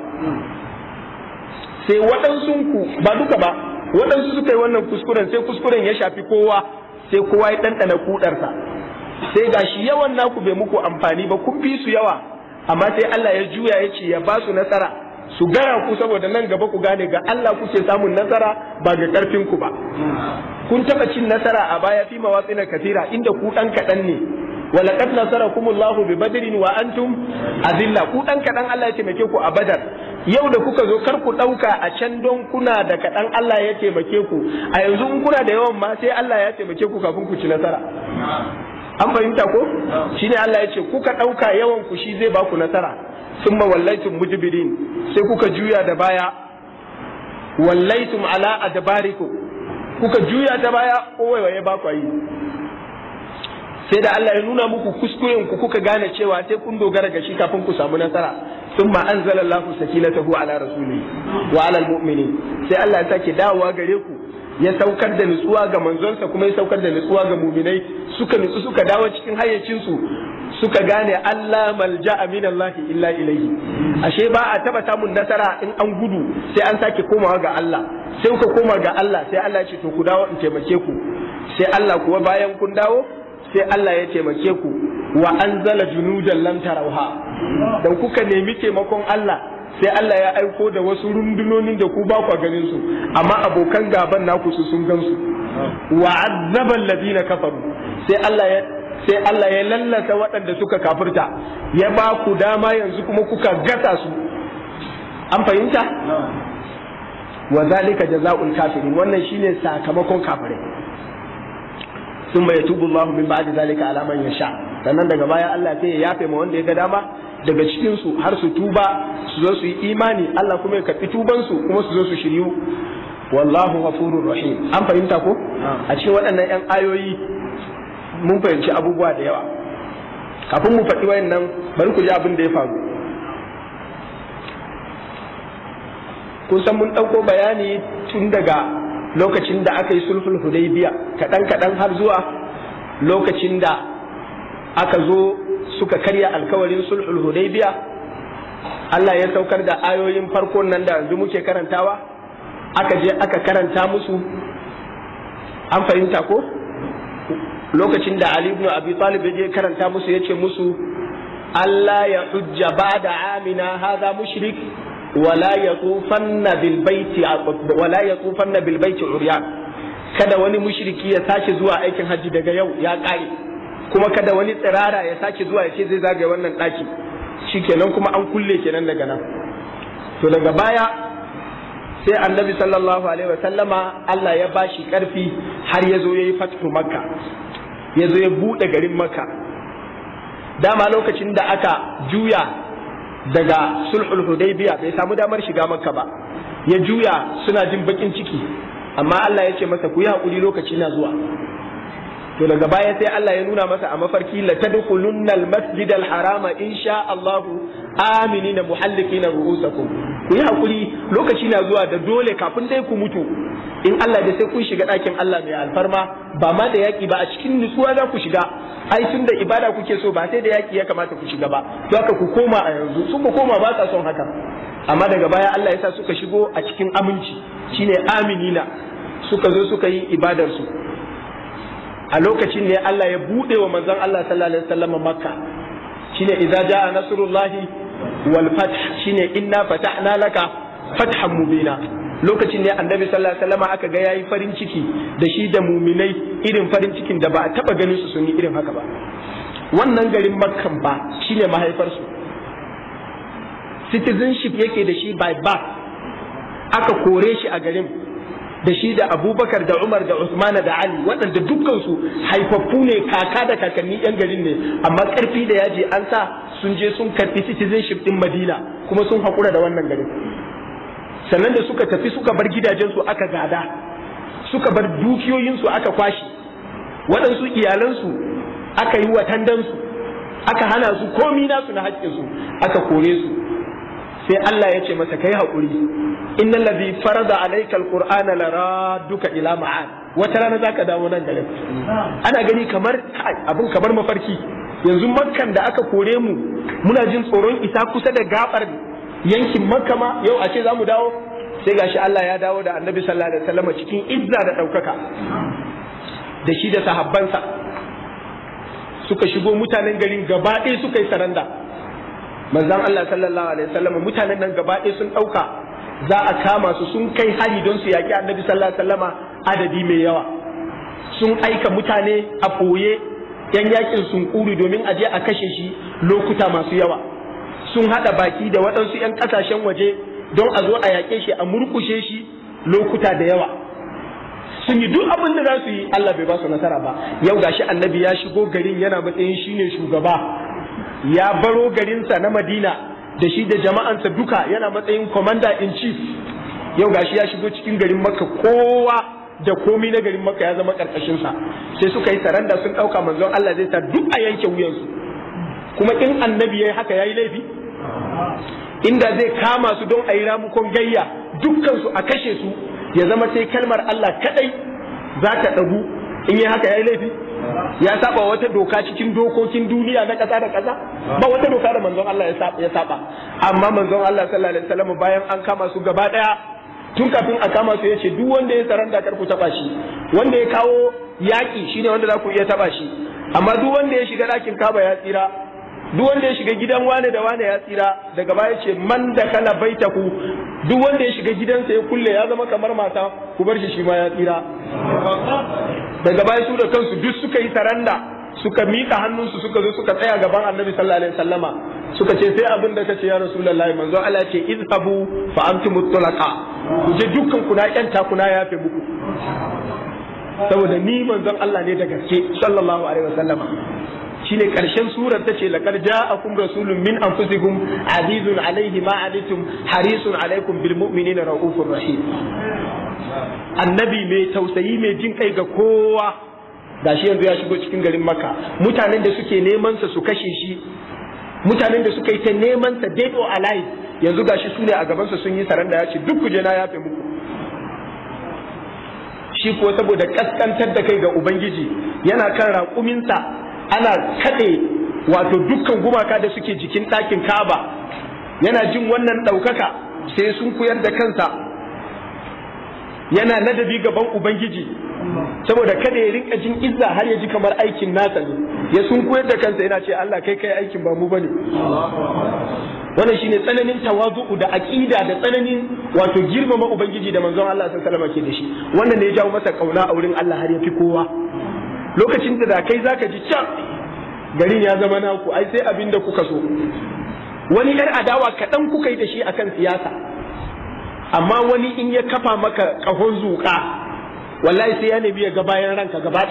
sai waɗansu ku ba duka ba waɗansu suka yi wannan kuskuren sai kuskuren ya shafi kowa sai kowa ya ɗanɗana kuɗarsa sai ga shi yawan naku bai muku amfani ba kun fi su yawa amma sai Allah ya juya ya ce ya ba su nasara su gara ku saboda nan gaba ku gane ga Allah kuke samun nasara ba ga karfin ku ba kun taɓa cin nasara a baya fi mawatsina katira inda ku ɗan kaɗan ne wa laqad nasarakumullahu bi badrin wa antum azilla ku dan kadan Allah ya taimake ku a badar yau da kuka zo kar ku dauka a can don kuna da kadan Allah ya taimake ku a yanzu in kuna da yawan ma sai Allah ya taimake ku kafin ku ci nasara an fahimta ko shine Allah ya ce kuka dauka yawan ku shi zai ba ku nasara summa wallaitum mujibirin sai kuka juya da baya wallaitum ala adbarikum kuka juya ta baya kowai ya ba yi sai da Allah ya nuna muku kuskuren ku kuka gane cewa sai kun dogara ga shi kafin ku samu nasara an zala Allahu sakinatahu ala rasuli wa ala almu'mini sai Allah ya sake dawowa gare ku ya saukar da nutsuwa ga manzonsa kuma ya saukar da nutsuwa ga muminai suka nutsu suka dawo cikin hayyacin su suka gane Allah malja min Allah illa ilayhi ashe ba a taba samun nasara in an gudu sai an sake komawa ga Allah sai kuka koma ga Allah sai Allah ya ce to ku dawo in taimake ku sai Allah kuwa bayan kun dawo sai Allah ya taimake ku wa anzala junudan lam tarauha dan kuka nemi taimakon Allah sai Allah ya aiko da wasu rundunonin da ku ba ku ganin su amma abokan gaban naku su sun gan su wa azzaba alladhina kafaru sai Allah ya sai Allah ya lallata waɗanda suka kafirta ya ba ku dama yanzu kuma kuka gasa su an fahimta wa zalika jazaul kafirin wannan shine sakamakon kafirai sun bai tubu Allahu min da zalika alaman ya sha sannan daga baya Allah ya yafe ma wanda ya ga dama daga cikin su har su tuba su zo su yi imani Allah kuma ya karbi tubansu kuma su zo su shiryu wallahu ghafurur rahim an fahimta ko a cikin waɗannan yan ayoyi mun fahimci abubuwa da yawa kafin mu faɗi wayannan bari ku ji abin da ya faru kun san mun ɗauko bayani tun daga lokacin da aka yi sulhul hudaybiya kaɗan kaɗan har zuwa lokacin da aka zo suka karya alkawarin sulhul hudaybiya Allah ya saukar da ayoyin farko nan da yanzu muke karantawa aka je aka karanta musu an fahimta ko lokacin da Ali ibn Abi Talib ya je karanta musu ce musu Allah ya hujja ba da amina haza mushrik wala yatufanna bil baiti wala yatufanna bil baiti kada wani mushriki ya sake zuwa aikin haji daga yau ya kare kuma kada wani tsirara ya sake zuwa ya ce zai zagaye wannan daki shikenan kuma an kulle kenan daga nan to daga baya sai annabi sallallahu alaihi wa sallama Allah ya bashi karfi har ya zo ya yi fatu makka ya zo ya buɗe garin makka dama lokacin da aka juya daga sulhul hudaybiya bai samu damar shiga makka ba ya juya suna jin bakin ciki amma Allah ya ce masa ku yi hakuri lokaci na zuwa to daga baya sai Allah ya nuna masa a mafarki la tadkhulunna al harama insha Allah aminina muhallikina ru'usakum ku yi hakuri lokaci na zuwa da dole kafin dai ku mutu in Allah da sai kun shiga ɗakin Allah mai alfarma ba ma da yaki ba a cikin nutsuwa za ku shiga ai tun da ibada kuke so ba sai da yaki ya kamata ku shiga ba to haka ku koma a yanzu su ku koma ba sa son haka amma daga baya Allah ya sa suka shigo a cikin aminci shine aminina suka zo suka yi ibadarsu a lokacin ne Allah ya buɗe wa manzon Allah sallallahu alaihi wasallam makka shine idza jaa nasrullahi wal fath shine inna fatahna laka fathan mubina lokacin ne annabi sallallahu alaihi wasallam aka ga yayi farin ciki da shi da muminai irin farin cikin da ba a taba ganin su sun yi irin haka ba wannan garin makkan ba shine mahaifarsu citizenship yake da shi by birth aka kore shi a garin da shi da abubakar da umar da usman da ali waɗanda dukkansu haifaffu ne kaka da kakanni yan garin ne amma ƙarfi da yaji an sa sun je sun karɓi citizenship ɗin madina kuma sun haƙura da wannan garin sannan da suka tafi suka bar gidajensu aka gada suka bar dukiyoyinsu aka kwashe, waɗansu iyalansu aka yi watandansu aka hana su komi nasu na haƙƙinsu aka kore su sai Allah ya ce masa kai haƙuri inna ladhi farada alayka alqur'ana laraduka ila ma'ad wata rana zaka dawo nan garin ana gani kamar abin kamar mafarki yanzu makkan da aka kore mu muna jin tsoron isa kusa da gabar yankin makka ma yau a ce za dawo sai gashi Allah ya dawo da annabi sallallahu alaihi wasallam cikin izza da ɗaukaka da shi da sahabbansa suka shigo mutanen garin gaba ɗaya suka yi saranda manzon Allah sallallahu alaihi wasallam mutanen nan gaba ɗaya sun ɗauka za a kama su sun kai hari don su yaƙi annabi sallallahu alaihi wasallama adadi mai yawa sun aika mutane a ɓoye yan yakin sun kuri domin a je a kashe shi lokuta masu yawa sun haɗa baki da waɗansu 'yan ƙasashen waje don a zo a yaƙe shi a murkushe shi lokuta da yawa sun yi duk abin da za su yi Allah bai ba su nasara ba yau gashi annabi ya shigo garin yana matsayin shine shugaba ya baro garinsa na madina da shi da jama'ansa duka yana matsayin kwamandan in chief yau gashi ya shigo cikin garin makka kowa da komi na garin makka ya zama karkashinsa sai suka yi saranda sun ɗauka manzon Allah zai sa duk a yanke wuyansu kuma in annabi ya yi haka ya yi laifi inda zai kama su don a yi ramukon gayya dukkansu a kashe su ya zama sai kalmar Allah kadai za ta ɗagu in yi haka ya yi laifi ya saba wata doka cikin dokokin duniya na ƙasa da kasa ba wata doka da manzon Allah ya saba amma manzon Allah sallallahu alaihi wasallam bayan an kama su gaba daya tun kafin a kama su yace duk wanda ya saranda karku ku taba shi wanda ya kawo yaki shine wanda za ku iya taba shi amma duk wanda ya shiga dakin kaba ya tsira duk wanda ya shiga gidan wane da wane ya tsira daga baya ce man da kala ku. duk wanda ya shiga gidansa ya kulle ya zama kamar mata ku bar shi shi ma ya tsira daga baya su da kansu duk suka yi saranda suka mika hannunsu suka zo suka tsaya gaban annabi sallallahu alaihi wasallama suka ce sai abin da kace ya rasulullahi manzo Allah ce izhabu fa antum mutlaqa ku je dukkan ku na kyanta ku na yafe muku saboda ni manzon Allah ne da gaske sallallahu alaihi wasallama shine karshen surar tace laqad ja'akum rasulun min anfusikum azizun alayhi ma alitum harisun alaykum bil mu'minina raufur rahim annabi mai tausayi mai jin kai ga kowa gashi yanzu ya shigo cikin garin maka mutanen da suke neman sa su kashe shi mutanen da suka yi ta neman sa dead or alive yanzu gashi su ne a gaban sa sun yi saranda ya ce duk kuje na yafe muku shi ko saboda kaskantar da kai ga ubangiji yana kan raƙuminsa ana kaɗe wato dukkan gumaka da suke jikin ɗakin kaba yana jin wannan ɗaukaka sai sun kuyar da kansa yana nadabi gaban ubangiji saboda kada ya rinka jin izza har ya ji kamar aikin nasa ne ya sun koyar da kansa yana ce Allah kai kai aikin ba mu bane wannan shine tsananin tawazu'u da aqida da tsananin wato girmama ubangiji da manzon Allah sallallahu alaihi wasallam ke da shi wannan ne ya jawo masa kauna a wurin Allah har ya fi kowa lokacin da kai zaka ji can garin ya zama naku ai sai abin da kuka so wani yar adawa kaɗan kuka yi da shi akan siyasa amma wani in ya kafa maka ƙahon zuƙa wallahi sai ya nemi ya ga bayan ranka gaba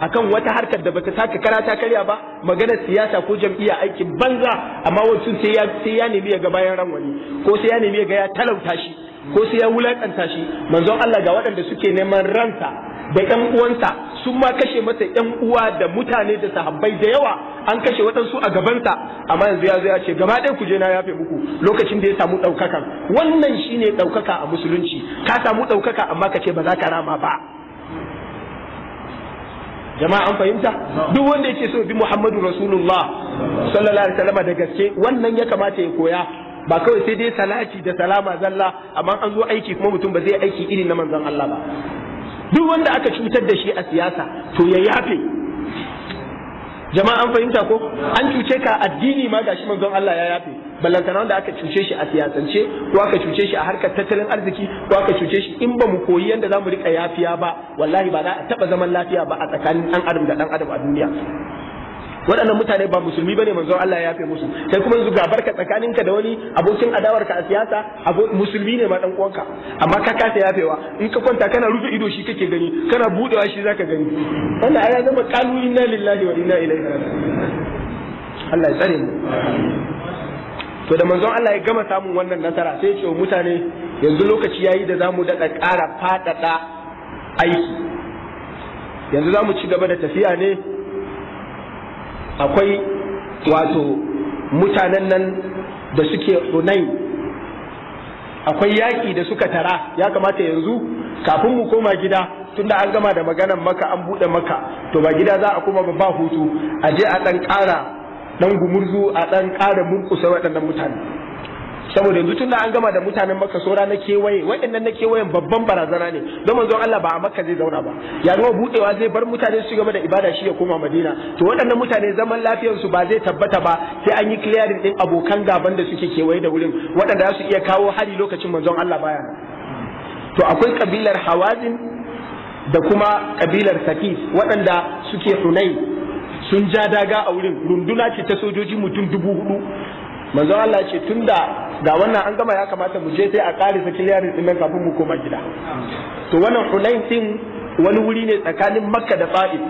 akan wata harkar da bata saka kara ta karya ba maganar siyasa ko jam'iyya aikin banza amma wancan sai ya sai ya nemi ya ga bayan ran wani ko sai ya nemi ya ga ya talauta shi ko sai ya wulakanta shi manzon Allah ga waɗanda suke neman ranta. da ƴan uwansa sun ma kashe masa ƴan uwa da mutane da sahabbai da yawa an kashe waɗansu a gabansa amma yanzu ya zo ya ce gaba ɗaya kujena je na yafe muku lokacin da ya samu ɗaukakan wannan shine ɗaukaka a musulunci ka samu ɗaukaka amma ka ce ba za ka rama ba jama'a an fahimta duk wanda yake so bi Muhammadu Rasulullah sallallahu alaihi wasallam da gaske wannan ya kamata ya koya ba kawai sai dai salati da salama zalla amma an zo aiki kuma mutum ba zai aiki irin na manzon Allah ba duk wanda aka cutar da shi a siyasa to ya yafe jama'a an fahimta ko an cuce ka addini ma gashi manzon Allah ya yafe ballantana wanda aka cuce shi a siyasance ko aka cuce shi a harkar tattalin arziki ko aka cuce shi in ba mu koyi yanda za mu rika yafiya ba wallahi ba za a taba zaman lafiya ba a tsakanin dan adam da dan adam a duniya waɗannan mutane ba musulmi bane manzon Allah ya yafe musu sai kuma yanzu ga barka tsakaninka da wani abokin adawarka a siyasa musulmi ne ma dan uwanka amma ka kasa yafewa in ka kwanta kana rufe ido shi kake gani kana budewa shi zaka gani wannan aya zama qalu inna lillahi wa inna ilaihi raji'un Allah ya tsare mu to da manzon Allah ya gama samun wannan nasara sai ya ce wa mutane yanzu lokaci yayi da zamu daɗa ƙara faɗaɗa aiki yanzu zamu ci gaba da tafiya ne akwai wato mutanen nan da suke runai akwai yaƙi da suka tara ya kamata yanzu kafin mu koma gida tunda an gama da maganan maka an buɗe maka to ba gida za a koma ba hutu a je a ɗan ƙara ɗan gumurzu a ɗan ƙara murƙusa waɗannan mutane saboda yanzu tun tunda an gama da mutanen makka saura na kewaye waɗannan na kewayen babban barazana ne don manzon Allah ba a makka zai zauna ba ya zama budewa zai bar mutane su gaba da ibada shi ya koma madina to waɗannan mutane zaman lafiyar su ba zai tabbata ba sai an yi clearing din abokan gaban da suke kewaye da wurin waɗanda za su iya kawo hari lokacin manzon Allah baya to akwai kabilar hawazin da kuma kabilar sakif waɗanda suke hunai sun ja daga a wurin runduna ce ta sojoji mutum dubu hudu manzon Allah ce tunda ga wannan an gama ya kamata mu je sai a ƙarisa sakin ɗin kafin mu koma gida to wannan hunain din wani wuri ne tsakanin makka da fa'id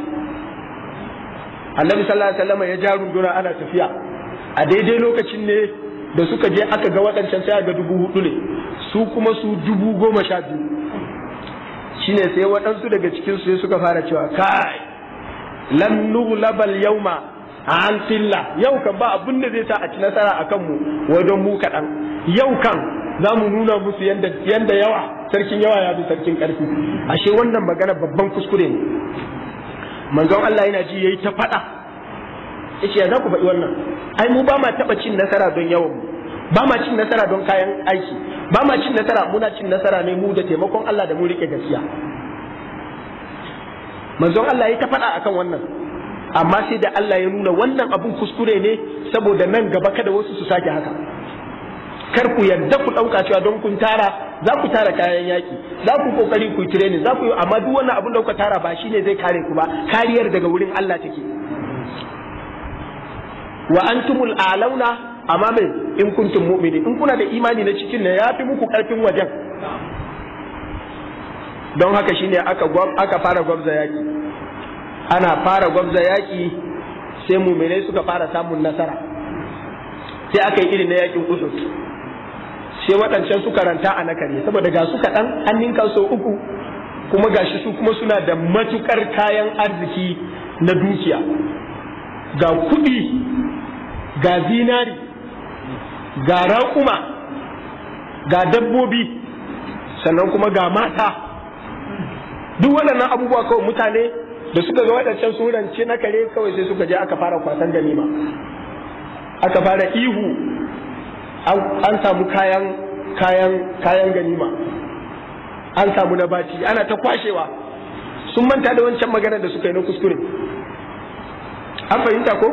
annabi sallallahu alaihi wasallam ya ja runduna ana tafiya a daidai lokacin ne da suka je aka ga waɗancan sai ga dubu hudu ne su kuma su dubu goma sha biyu shine sai waɗansu daga cikin su suka fara cewa kai lan nughlabal yawma a an filla yau kan ba abin da zai sa a ci nasara a kanmu wajen mu kaɗan yau kan za mu nuna musu yadda yawa sarkin yawa ya bi sarkin ƙarfi ashe wannan magana babban kuskure ne manzon Allah yana ji yayi ta faɗa yace ya za ku faɗi wannan ai mu ba ma taɓa cin nasara don yawan mu ba ma cin nasara don kayan aiki ba ma cin nasara muna cin nasara ne mu da taimakon Allah da mu rike gaskiya manzon Allah yayi ta faɗa akan wannan amma sai da Allah ya nuna wannan abun kuskure ne saboda nan gaba kada wasu su sake haka kar ku yarda ku ɗauka cewa don kun tara za ku tara kayan yaƙi za ku kokari ku yi training za ku yi amma duk wannan abun da kuka tara ba shine zai kare ku ba kariyar daga wurin Allah take wa antumul alauna amma mai in kuntum mu'mini in kuna da imani na cikin ne ya fi muku karfin wajen don haka shine aka aka fara gwabza yaki ana fara gwabza yaƙi sai muminai suka fara samun nasara sai aka yi iri na yaƙin kusur. sai waɗancan su karanta a na kare saboda ga su kaɗan an ninka uku kuma ga shi su kuma suna da matukar kayan arziki na dukiya ga kuɗi ga zinari ga raƙuma ga dabbobi sannan kuma ga mata duk waɗannan abubuwa kawai mutane da suka ga waɗancan suranci na kare kawai sai suka je aka fara kwasan ganima aka fara ihu an samu kayan kayan kayan ganima an samu na baci ana ta kwashewa sun manta da wancan maganar da suka yi na kuskure an fahimta ko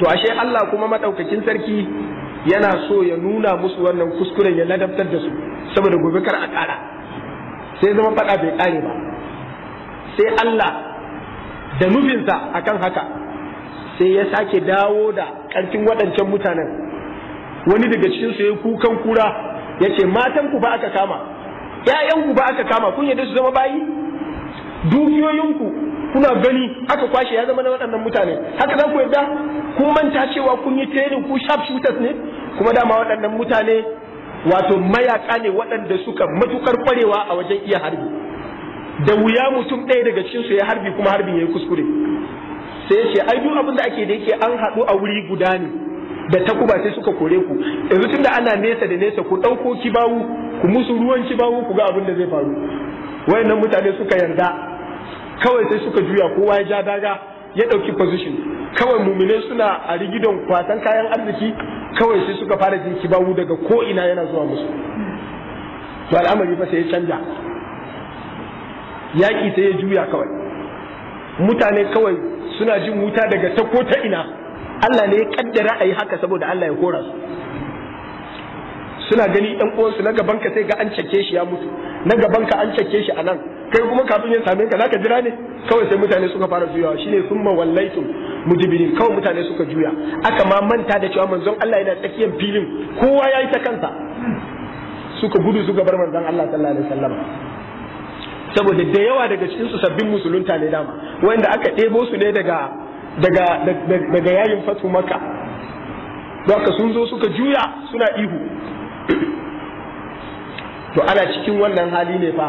to ashe Allah kuma madaukakin sarki yana so ya nuna musu wannan kuskuren ya ladabtar da su saboda gobe kar a ƙara sai zama faɗa bai ƙare ba sai Allah da nufinsa akan haka sai ya sake dawo da ƙarfin waɗancan mutanen wani daga cikin su kukan kura yace matan matanku ba aka kama ‘ya’yanku ba aka kama kun yadda su zama bayi dukiyoyinku kuna gani aka kwashe ya zama na waɗannan mutane haka za ku yadda kun manta cewa kun yi training ku sharp shooters ne kuma dama waɗannan mutane wato mayaka ne waɗanda suka matukar kwarewa a wajen iya harbi da wuya mutum ɗaya daga cikin su ya harbi kuma harbin yi kuskure sai ya ce ai duk abin da ake da yake an haɗu a wuri guda ne da takuba sai suka kore ku yanzu tunda ana nesa da nesa ku ɗauko kibawu ku musu ruwan kibawu ku ga abin da zai faru wayannan mutane suka yarda kawai sai suka juya kowa ya ja daga ya ɗauki position kawai mumine suna a rigidon kwatan kayan arziki kawai sai suka fara jin kibawu daga ko ina yana zuwa musu to al'amari fa sai ya canja yaƙi sai ya juya kawai mutane kawai suna jin wuta daga ta ko ta ina Allah ne ya kaddara a yi haka saboda Allah ya kora su suna gani ɗan uwansu na gaban ka sai ga an cake shi ya mutu na gaban ka an cake shi a nan kai kuma kafin ya same ka zaka jira ne kawai sai mutane suka fara juyawa shine summa wallaitum mujibirin kawai mutane suka juya aka ma manta da cewa manzon Allah yana tsakiyar filin kowa yayi ta kansa suka gudu suka bar manzon Allah sallallahu alaihi wasallam saboda da yawa daga cikin su sabbin musulunta ne dama wanda aka ɗebo su ne daga yayin fatu maka ka sun zo suka juya suna ihu to ana cikin wannan hali ne fa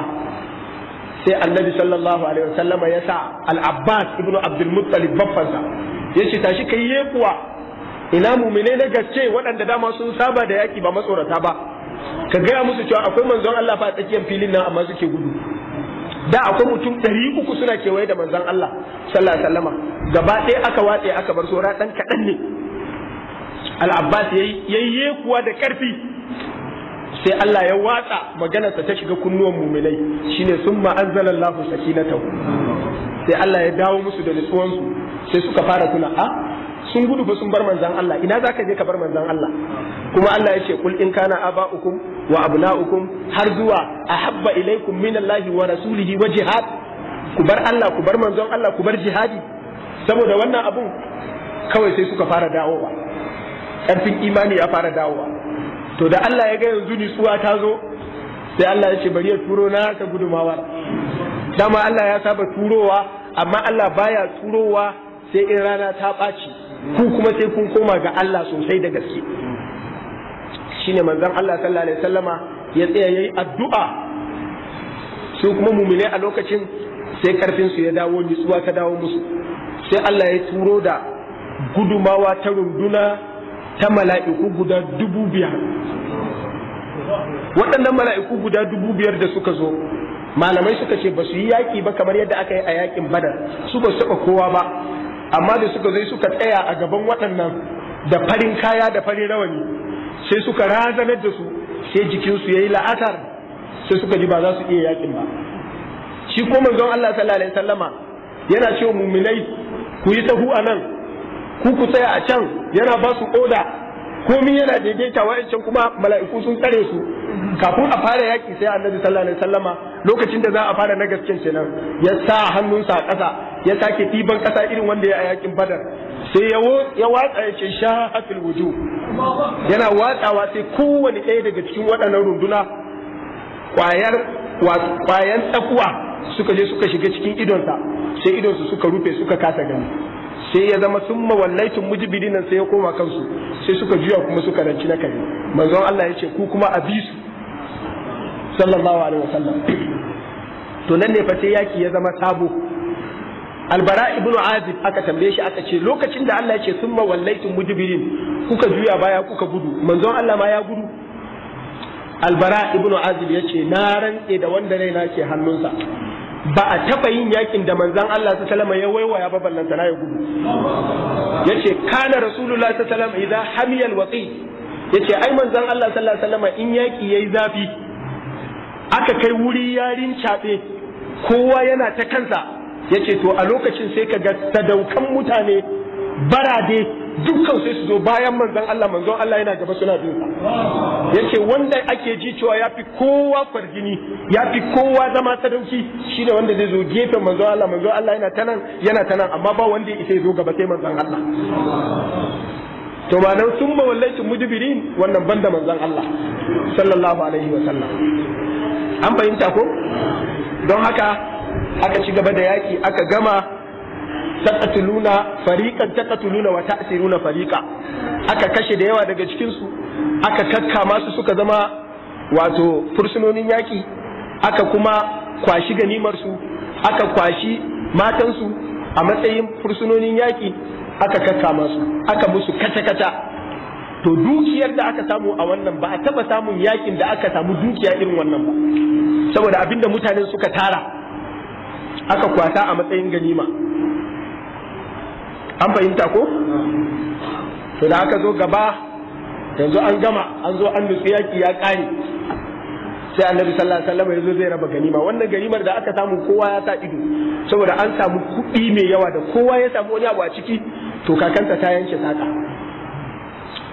sai annabi sallallahu alaihi wasallam ya sa al-abbas ibnu abdul muttalib baffansa ce tashi kai yekuwa ina mumine na gaske waɗanda dama sun saba da yaki ba matsorata ba ka gaya musu cewa akwai manzon Allah fa a tsakiyar filin nan amma suke gudu da akwai mutum ɗari uku suna kewaye da manzan Allah sallallahu alaihi wasallam gaba ɗaya aka watse aka bar sora ɗan kaɗan ne al-abbas yayi kuwa da ƙarfi sai Allah ya watsa maganarsa ta shiga kunnuwan muminai shine summa anzalallahu sakinatahu sai Allah ya dawo musu da su sai suka fara tuna a ah, sun gudu ba sun bar manzan Allah ina zaka je ka bar manzan Allah kuma Allah ya ce kul in kana aba'ukum wa abna'ukum har zuwa ahabba ilaikum minallahi wa rasulihi wa jihad ku bar Allah ku bar manzon Allah ku bar jihadi saboda wannan abun kawai sai suka fara dawowa karfin imani ya fara dawowa to da Allah ya ga yanzu nutsuwa ta zo sai Allah ya ce bari ya turo na ta gudumawa dama Allah ya saba turowa amma Allah baya turowa sai in rana ta ɓaci ku kuma sai kun koma ga Allah sosai da gaske shine manzon Allah sallallahu alaihi wasallama ya tsaya yayi addu'a su kuma mumine a lokacin sai karfin su ya dawo nutsuwa ta dawo musu sai Allah ya turo da gudumawa ta runduna ta mala'iku guda dubu biyar waɗannan mala'iku guda dubu biyar da suka zo malamai suka ce ba su yi yaƙi ba kamar yadda aka yi a yaƙin badar su ba su taɓa kowa ba amma da suka zai suka tsaya a gaban waɗannan da farin kaya da farin rawani sai suka razanar da su sai jikinsu ya yi la'atar sai suka ji ba za su iya yakin ba shi ko manzon Allah sallallahu alaihi wasallama yana cewa muminai ku yi tahu a nan ku ku tsaya a can yana ba su oda komi yana daidaita wa'ancan kuma mala'iku sun tsare su kafin a fara yaki sai annabi sallallahu alaihi wasallama lokacin da za a fara na gaskiyar kenan ya sa hannunsa a ƙasa ya sake ɗiban ƙasa irin wanda ya a yakin badar sai ya watsa ya ce hafil wuju yana watsawa sai kowane ɗaya daga cikin waɗannan runduna kwayar kwayan tsakuwa suka je suka shiga cikin idonsa sai idonsu suka rufe suka kasa gani sai ya zama sun mawallaitun mujibiri nan sai ya koma kansu sai suka juya kuma suka ranci na kare manzon Allah ya ce ku kuma a bi su sallallahu alaihi wasallam to nan ne fa sai yaki ya zama sabo albara ibnu azib aka tambaye shi aka ce lokacin da Allah ya ce summa wallaitum mudbirin kuka juya baya kuka gudu manzon Allah ma ya gudu albara ibnu azib ya ce na rantse da wanda rai ke hannunsa ba a taɓa yin yakin da manzon Allah alaihi wasallam ya waiwaya ba ballan na ya gudu ya ce kana rasulullah alaihi wasallam idan hamiyal watsi ya ce ai manzon Allah sallallahu wasallam in yaki ya yi zafi aka kai wuri yarin caɓe kowa yana ta kansa yace to a lokacin sai ka ga sadaukan mutane barade dukkan sai su zo bayan manzon Allah manzon Allah yana gaba suna ya yace wanda ake ji cewa ya fi kowa ya fi kowa zama sadauki shine wanda zai zo gefen manzon Allah manzon Allah yana tanan yana tanan amma ba wanda ya isa zo gaba sai manzon Allah to ba nan sun mawallaitu mudubirin wannan banda manzon Allah sallallahu alaihi wa sallam an fahimta ko don haka aka ci gaba da yaki aka gama taqatuluna fariqan taqatuluna wa ta'siruna fariqa aka kashe da yawa daga cikin su aka kakkama su suka zama wato fursunonin yaki aka kuma kwashi ganimar su aka kwashi matan su a matsayin fursunonin yaki aka kakkama su aka musu kata-kata to dukiyar da aka samu a wannan ba a taba samun yakin da aka samu dukiya irin wannan ba saboda abinda mutanen suka tara aka kwata a matsayin ganima an fahimta ko to da aka zo gaba yanzu an gama an zo an nutsu yaki ya kare sai annabi sallallahu alaihi wasallam yazo zai raba ganima wannan ganimar da aka samu kowa ya sa ido saboda an samu kuɗi mai yawa da kowa ya samu wani abu a ciki to kakanta ta yanke saka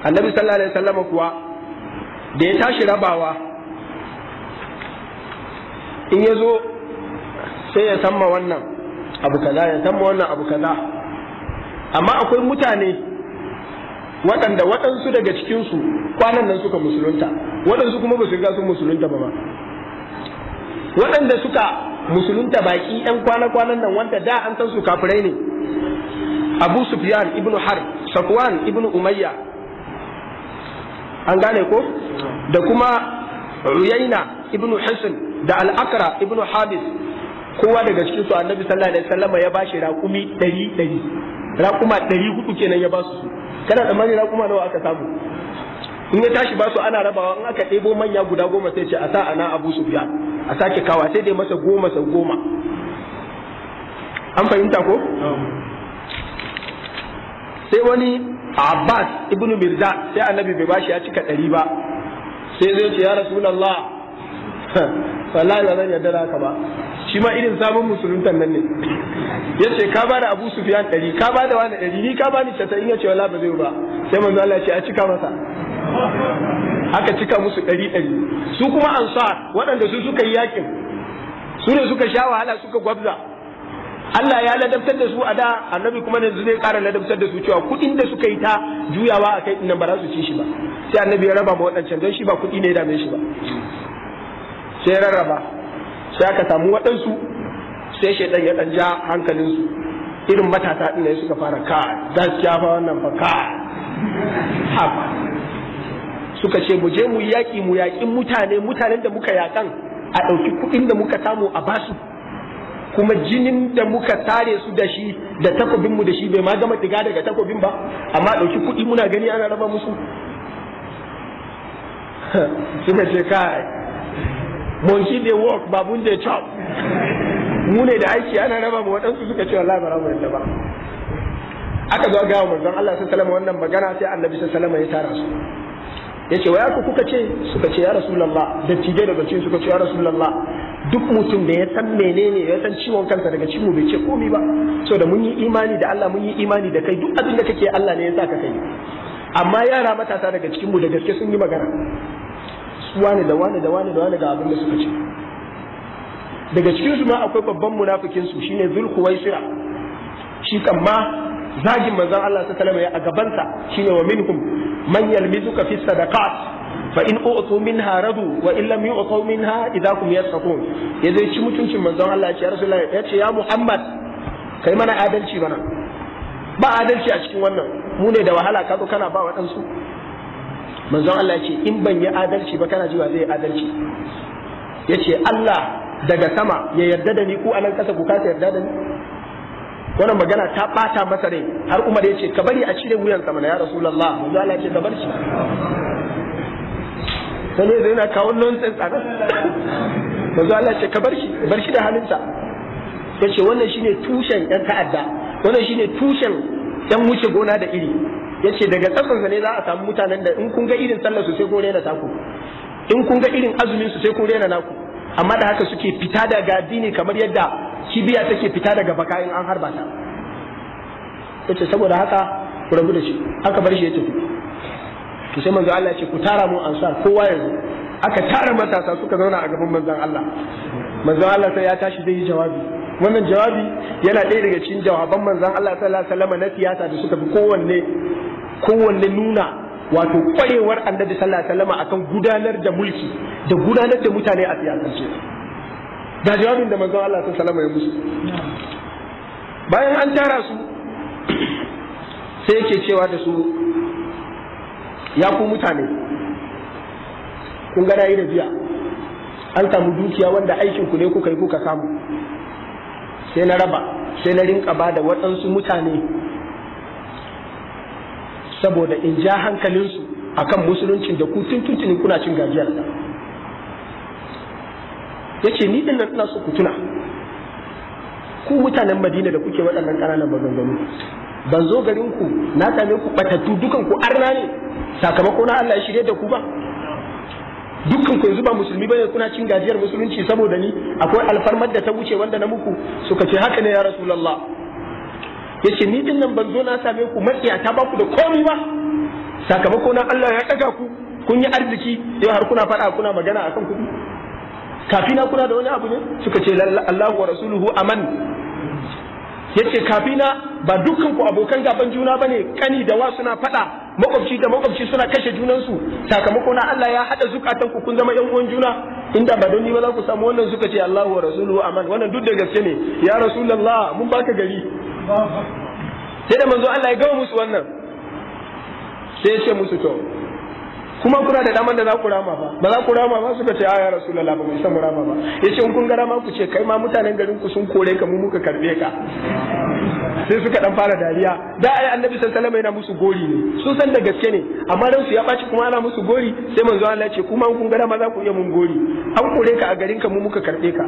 annabi sallallahu alaihi wasallam kuwa da ya tashi rabawa in ya zo sai ya samma wannan abu kaza ya samma wannan abu kaza amma akwai mutane waɗanda waɗansu daga cikinsu kwanan nan suka musulunta waɗansu kuma ba su riga sun musulunta ba waɗanda suka musulunta baƙi ɗan kwana-kwanan nan wanda da an san su kafirai ne abu sufyan ibnu har safwan ibnu umayya an gane ko da kuma uyaina ibnu hisin da Al-Aqra ibnu habis kowa daga cikin su annabi sallallahu alaihi wasallam ya bashi raƙumi 100 100 raƙuma 400 kenan ya basu su kana mani raƙuma nawa aka samu in ya tashi basu ana rabawa in aka ɗebo manya guda goma sai ce a sa ana abu su biya a sake kawa sai dai masa goma sau goma an fahimta ko sai wani abbas ibnu mirza sai annabi bai bashi ya cika ɗari ba sai zai ce ya rasulallah [LAUGHS] wallahi ba zan yarda da haka ba shi ma irin sabon musuluntan nan ne ya ce ka bada abu fiye ɗari ka bada wani ɗari ni ka bani casa'in ya ce wala ba zai ba sai manzo Allah ce a cika masa aka cika musu ɗari ɗari su kuma ansar waɗanda su suka yi yakin su ne suka sha wahala suka gwabza Allah ya ladabtar da su a da annabi kuma ne zai ƙara ladabtar da su cewa kuɗin da suka yi ta juyawa a kai ba ci shi ba sai annabi ya raba ma waɗancan don shi ba kuɗi ne ya dame shi ba sai rarraba sai aka samu waɗansu sai shaidan ya ɗan ja hankalinsu irin matasa ɗin ne suka fara ka su fa wannan fa ka suka ce mu je mu yaƙi mu yaƙin mutane mutanen da muka yaƙan a ɗauki kuɗin da muka samu a basu kuma jinin da muka tare su da shi da takobinmu da shi bai ma gama diga daga takobin ba amma ɗauki kuɗi muna gani ana raba musu [LAUGHS] suka ce kai bonki dey work babun dey chop mu ne da aiki ana raba mu wadansu suka ce wallahi ba yadda ba aka zo ga manzon Allah sallallahu alaihi wannan magana sai annabi sallallahu alaihi ya tara su yace waya ku kuka ce suka ce ya rasulullah da tije daga cikin suka ce ya rasulullah duk mutum da ya san menene ya san ciwon kansa daga cikin mu bai ce komai ba so da mun yi imani da Allah mun yi imani da kai duk abin da kake Allah ne ya saka kai amma yara matasa daga cikinmu da gaske sun yi magana su wani da wani da da ga abin da suka ce daga cikin su ma akwai babban munafikin su shine zulhuwaisira shi kan ma zagin manzon Allah ta kalama a gabanta shine wa minhum man yalmizuka fi sadaqat fa in u'tu minha radu wa in lam yu'tu minha idakum yasqun yazo ci mutuncin manzon Allah ya ce rasulullahi ya ce ya Muhammad kai mana adalci bana ba adalci a cikin wannan mu ne da wahala ka zo kana ba waɗansu manzon Allah ya ce in ban yi adalci ba kana jiwa zai adalci ya ce Allah daga sama ya yarda da ni ku anan kasa ku kasa yarda da ni wannan magana ta bata masa rai har Umar ya ce ka bari a cire wuyan sama na ya Rasulullah manzon Allah ya ce ka bar shi sai ne yana kawo nonsense a nan manzon Allah ya ce ka bar shi bar shi da halinsa ya ce wannan shine tushen yan ta'adda wannan shine tushen yan wuce gona da iri yace daga tsakansa ne za a samu mutanen da in kun ga irin sallar su sai kun rena taku in kun ga irin azumin su sai kun rena naku amma da haka suke fita daga dini kamar yadda kibiya take fita daga baka in an harba ta yace saboda haka ku rabu da shi aka bar shi ya tafi to sai manzo Allah ya ce ku tara mu ansar kowa yanzu aka tara matasa suka zauna a gaban manzon Allah manzon Allah sai ya tashi zai yi jawabi wannan jawabi yana ɗaya daga cikin jawaban manzon Allah sallallahu alaihi wasallam na siyasa da suka fi kowanne kowanne nuna wato kwarewar annabi sallallahu alaihi wasallam akan gudanar da mulki da gudanar da mutane a siyasance ga jawabin da manzon Allah sallallahu alaihi wasallam ya musu bayan an tara su sai yake cewa da su ya ku mutane kun ga yi da biya an samu dukiya wanda aikin ku ne kuka yi kuka samu sai na raba sai na rinka ba da waɗansu mutane saboda in ja hankalinsu kan musuluncin da ku tuntuntuni kuna cin gajiyar da ya ce ni ɗin nan ina ku tuna ku mutanen madina da kuke waɗannan ƙananan maganganu ban zo garin ku na same ku ɓatattu dukan ku arna ne sakamako na Allah ya shirye da ku ba dukkan ku yanzu ba musulmi bane kuna cin gajiyar musulunci saboda ni akwai alfarmar da ta wuce wanda na muku suka ce haka ne ya rasulullah yace ni din nan ban zo na same ku matsiya ta ba ku da komai ba sakamako na Allah ya daga ku kun yi arziki yau har kuna faɗa kuna magana akan kuɗi kafina kuna da wani abu ne suka ce Allahu wa rasuluhu aman yace kafina ba dukkan ku abokan gaban juna bane kani da wa suna faɗa makwabci da makwabci suna kashe junansu sakamako na Allah ya hada zukatan ku kun zama yan uwan juna inda ba don ni ba za ku samu wannan suka ce Allahu wa rasuluhu aman wannan duk da gaske ne ya rasulullah mun baka gari sai da manzo Allah ya gama musu wannan sai ya ce musu to kuma kuna da daman da za ku rama ba ba za ku rama ba suka ce ya rasulullah ba mun san rama ba ya in kun ga rama ku ce kai ma mutanen garin ku sun kore ka mu muka karbe ka sai suka dan fara dariya da ai annabi sallallahu alaihi wasallam yana musu gori ne sun san da gaske ne amma ran su ya baci kuma ana musu gori sai manzo Allah ya ce kuma kun ga rama za ku iya mun gori an kore ka a garin ka mu muka karbe ka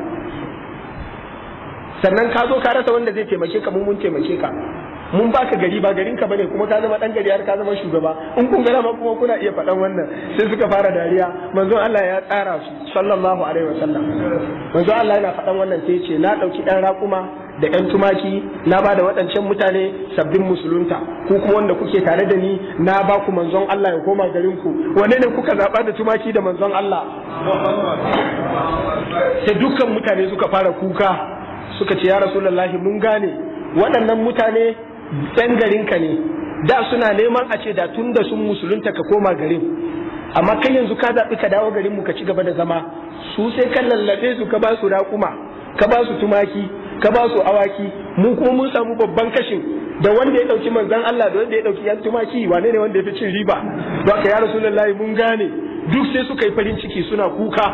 sannan ka zo ka rasa wanda zai taimake ka mun taimake ka mun baka gari ba garin ka bane kuma ka zama dan gari har ka zama shugaba in kun gara ma kuma kuna iya faɗan wannan sai suka fara dariya manzon Allah ya tsara su sallallahu alaihi wasallam manzon Allah yana faɗan wannan sai ce na ɗauki ɗan raƙuma da ɗan tumaki na ba da waɗancan mutane sabbin musulunta ku kuma wanda kuke tare da ni na ba ku manzon Allah ya koma garin ku wanne ne kuka zaɓa da tumaki da manzon Allah sai dukkan mutane suka fara kuka suka ce ya rasulullahi mun gane waɗannan mutane ɗan garinka ne da suna neman a ce da tun da sun musulunta ka koma garin amma kai yanzu ka zaɓi ka dawo garinmu ka ci gaba da zama su sai ka lallaɓe su ka ba su raƙuma ka ba su tumaki ka ba su awaki mun kuma mun samu babban kashin da wanda ya ɗauki manzan Allah da wanda ya ɗauki yan tumaki wane ne wanda ya fi cin riba ba ka ya rasulullahi mun gane duk sai suka yi farin ciki suna kuka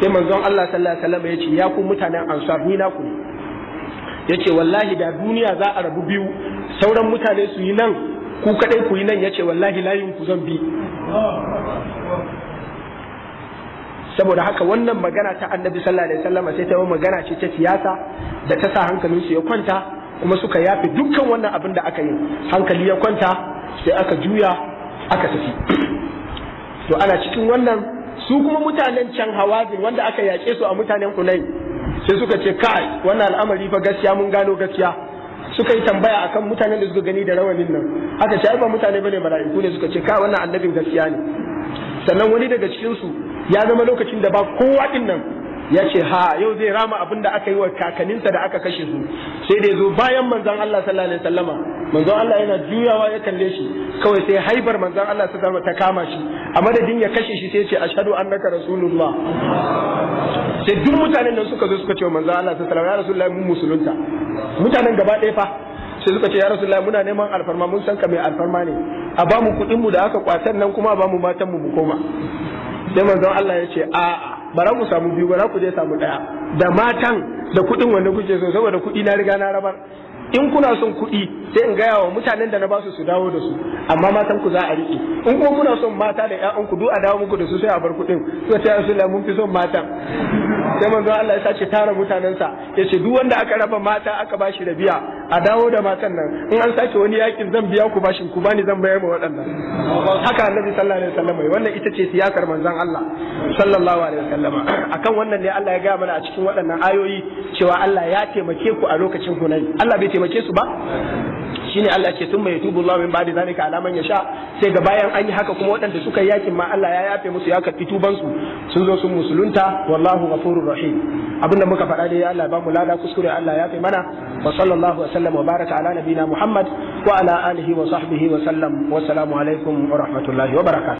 sai manzon Allah sallallahu alaihi wasallam ya ce ya ku mutanen ansar ni na ku yace wallahi da duniya za a rabu biyu sauran mutane su yi nan ku kadai ku yi nan yace wallahi layin ku zan bi saboda haka wannan magana ta annabi sallallahu alaihi wasallam sai ta yi magana ce ta siyasa da ta sa hankalin su ya kwanta kuma suka yafe dukkan wannan abin da aka yi hankali ya kwanta sai aka juya aka tafi to ana cikin wannan su kuma mutanen can hawazin wanda aka yaƙe su a mutanen kunai sai suka ce kai wannan al'amari fa gaskiya mun gano gaskiya suka yi tambaya akan mutanen da suka gani da rawanin nan aka ce ai ba mutane bane mala'iku ne suka ce kai wannan annabin gaskiya ne sannan wani daga cikin su ya zama lokacin da ba kowa din ya ce ha yau zai rama abin da aka yi wa kakanninsa da aka kashe su sai da zo bayan manzon Allah sallallahu alaihi wasallama manzon Allah yana juyawa ya kalle shi kawai sai haibar manzon Allah sallallahu alaihi ta kama shi a madadin ya kashe shi sai ya ce ashhadu annaka rasulullah sai duk mutanen nan suka zo suka ce wa manzon Allah sallallahu alaihi wasallam ya rasulullahi mun musulunta mutanen gaba ɗaya fa sai suka ce ya rasulullahi muna neman alfarma mun san ka mai alfarma ne a ba mu kuɗin mu da aka kwatan nan kuma a ba mu matan mu mu koma sai manzon Allah ya ce a'a ba za ku samu biyu ba za ku je samu ɗaya da matan da kuɗin wanda kuke so saboda kuɗi na riga na rabar in kuna son kuɗi sai in gaya wa mutanen da na ba su su dawo da su amma matan ku za a riƙe in kuma kuna son mata da ƴaƴan ku duk a dawo muku da su sai a bar kuɗin sai ta yasu mun fi son mata sai manzo Allah ya sace tara mutanensa ya ce duk wanda aka raba mata aka bashi rabiya a dawo da matan nan in an sake wani yakin zan biya ku bashin ku bani zan bayar ma waɗannan haka annabi sallallahu alaihi wasallam wannan ita ce siyakar manzon Allah sallallahu alaihi wasallam akan wannan ne Allah ya gaya mana a cikin waɗannan ayoyi cewa Allah ya taimake ku a lokacin Hunayn Allah bai taimake su ba shine Allah ke sun mai tubu Allah min ba'di zalika alaman ya sha sai ga bayan an yi haka kuma waɗanda suka yi yakin ma Allah ya yafe musu ya karɓi tuban su sun zo sun musulunta wallahu ghafurur rahim abinda muka faɗa dai Allah ba mu lada kuskure Allah ya yafe mana wa sallallahu wa sallam wa baraka ala nabina Muhammad wa ala alihi wa sahbihi wa sallam wa assalamu alaikum wa rahmatullahi wa barakatuh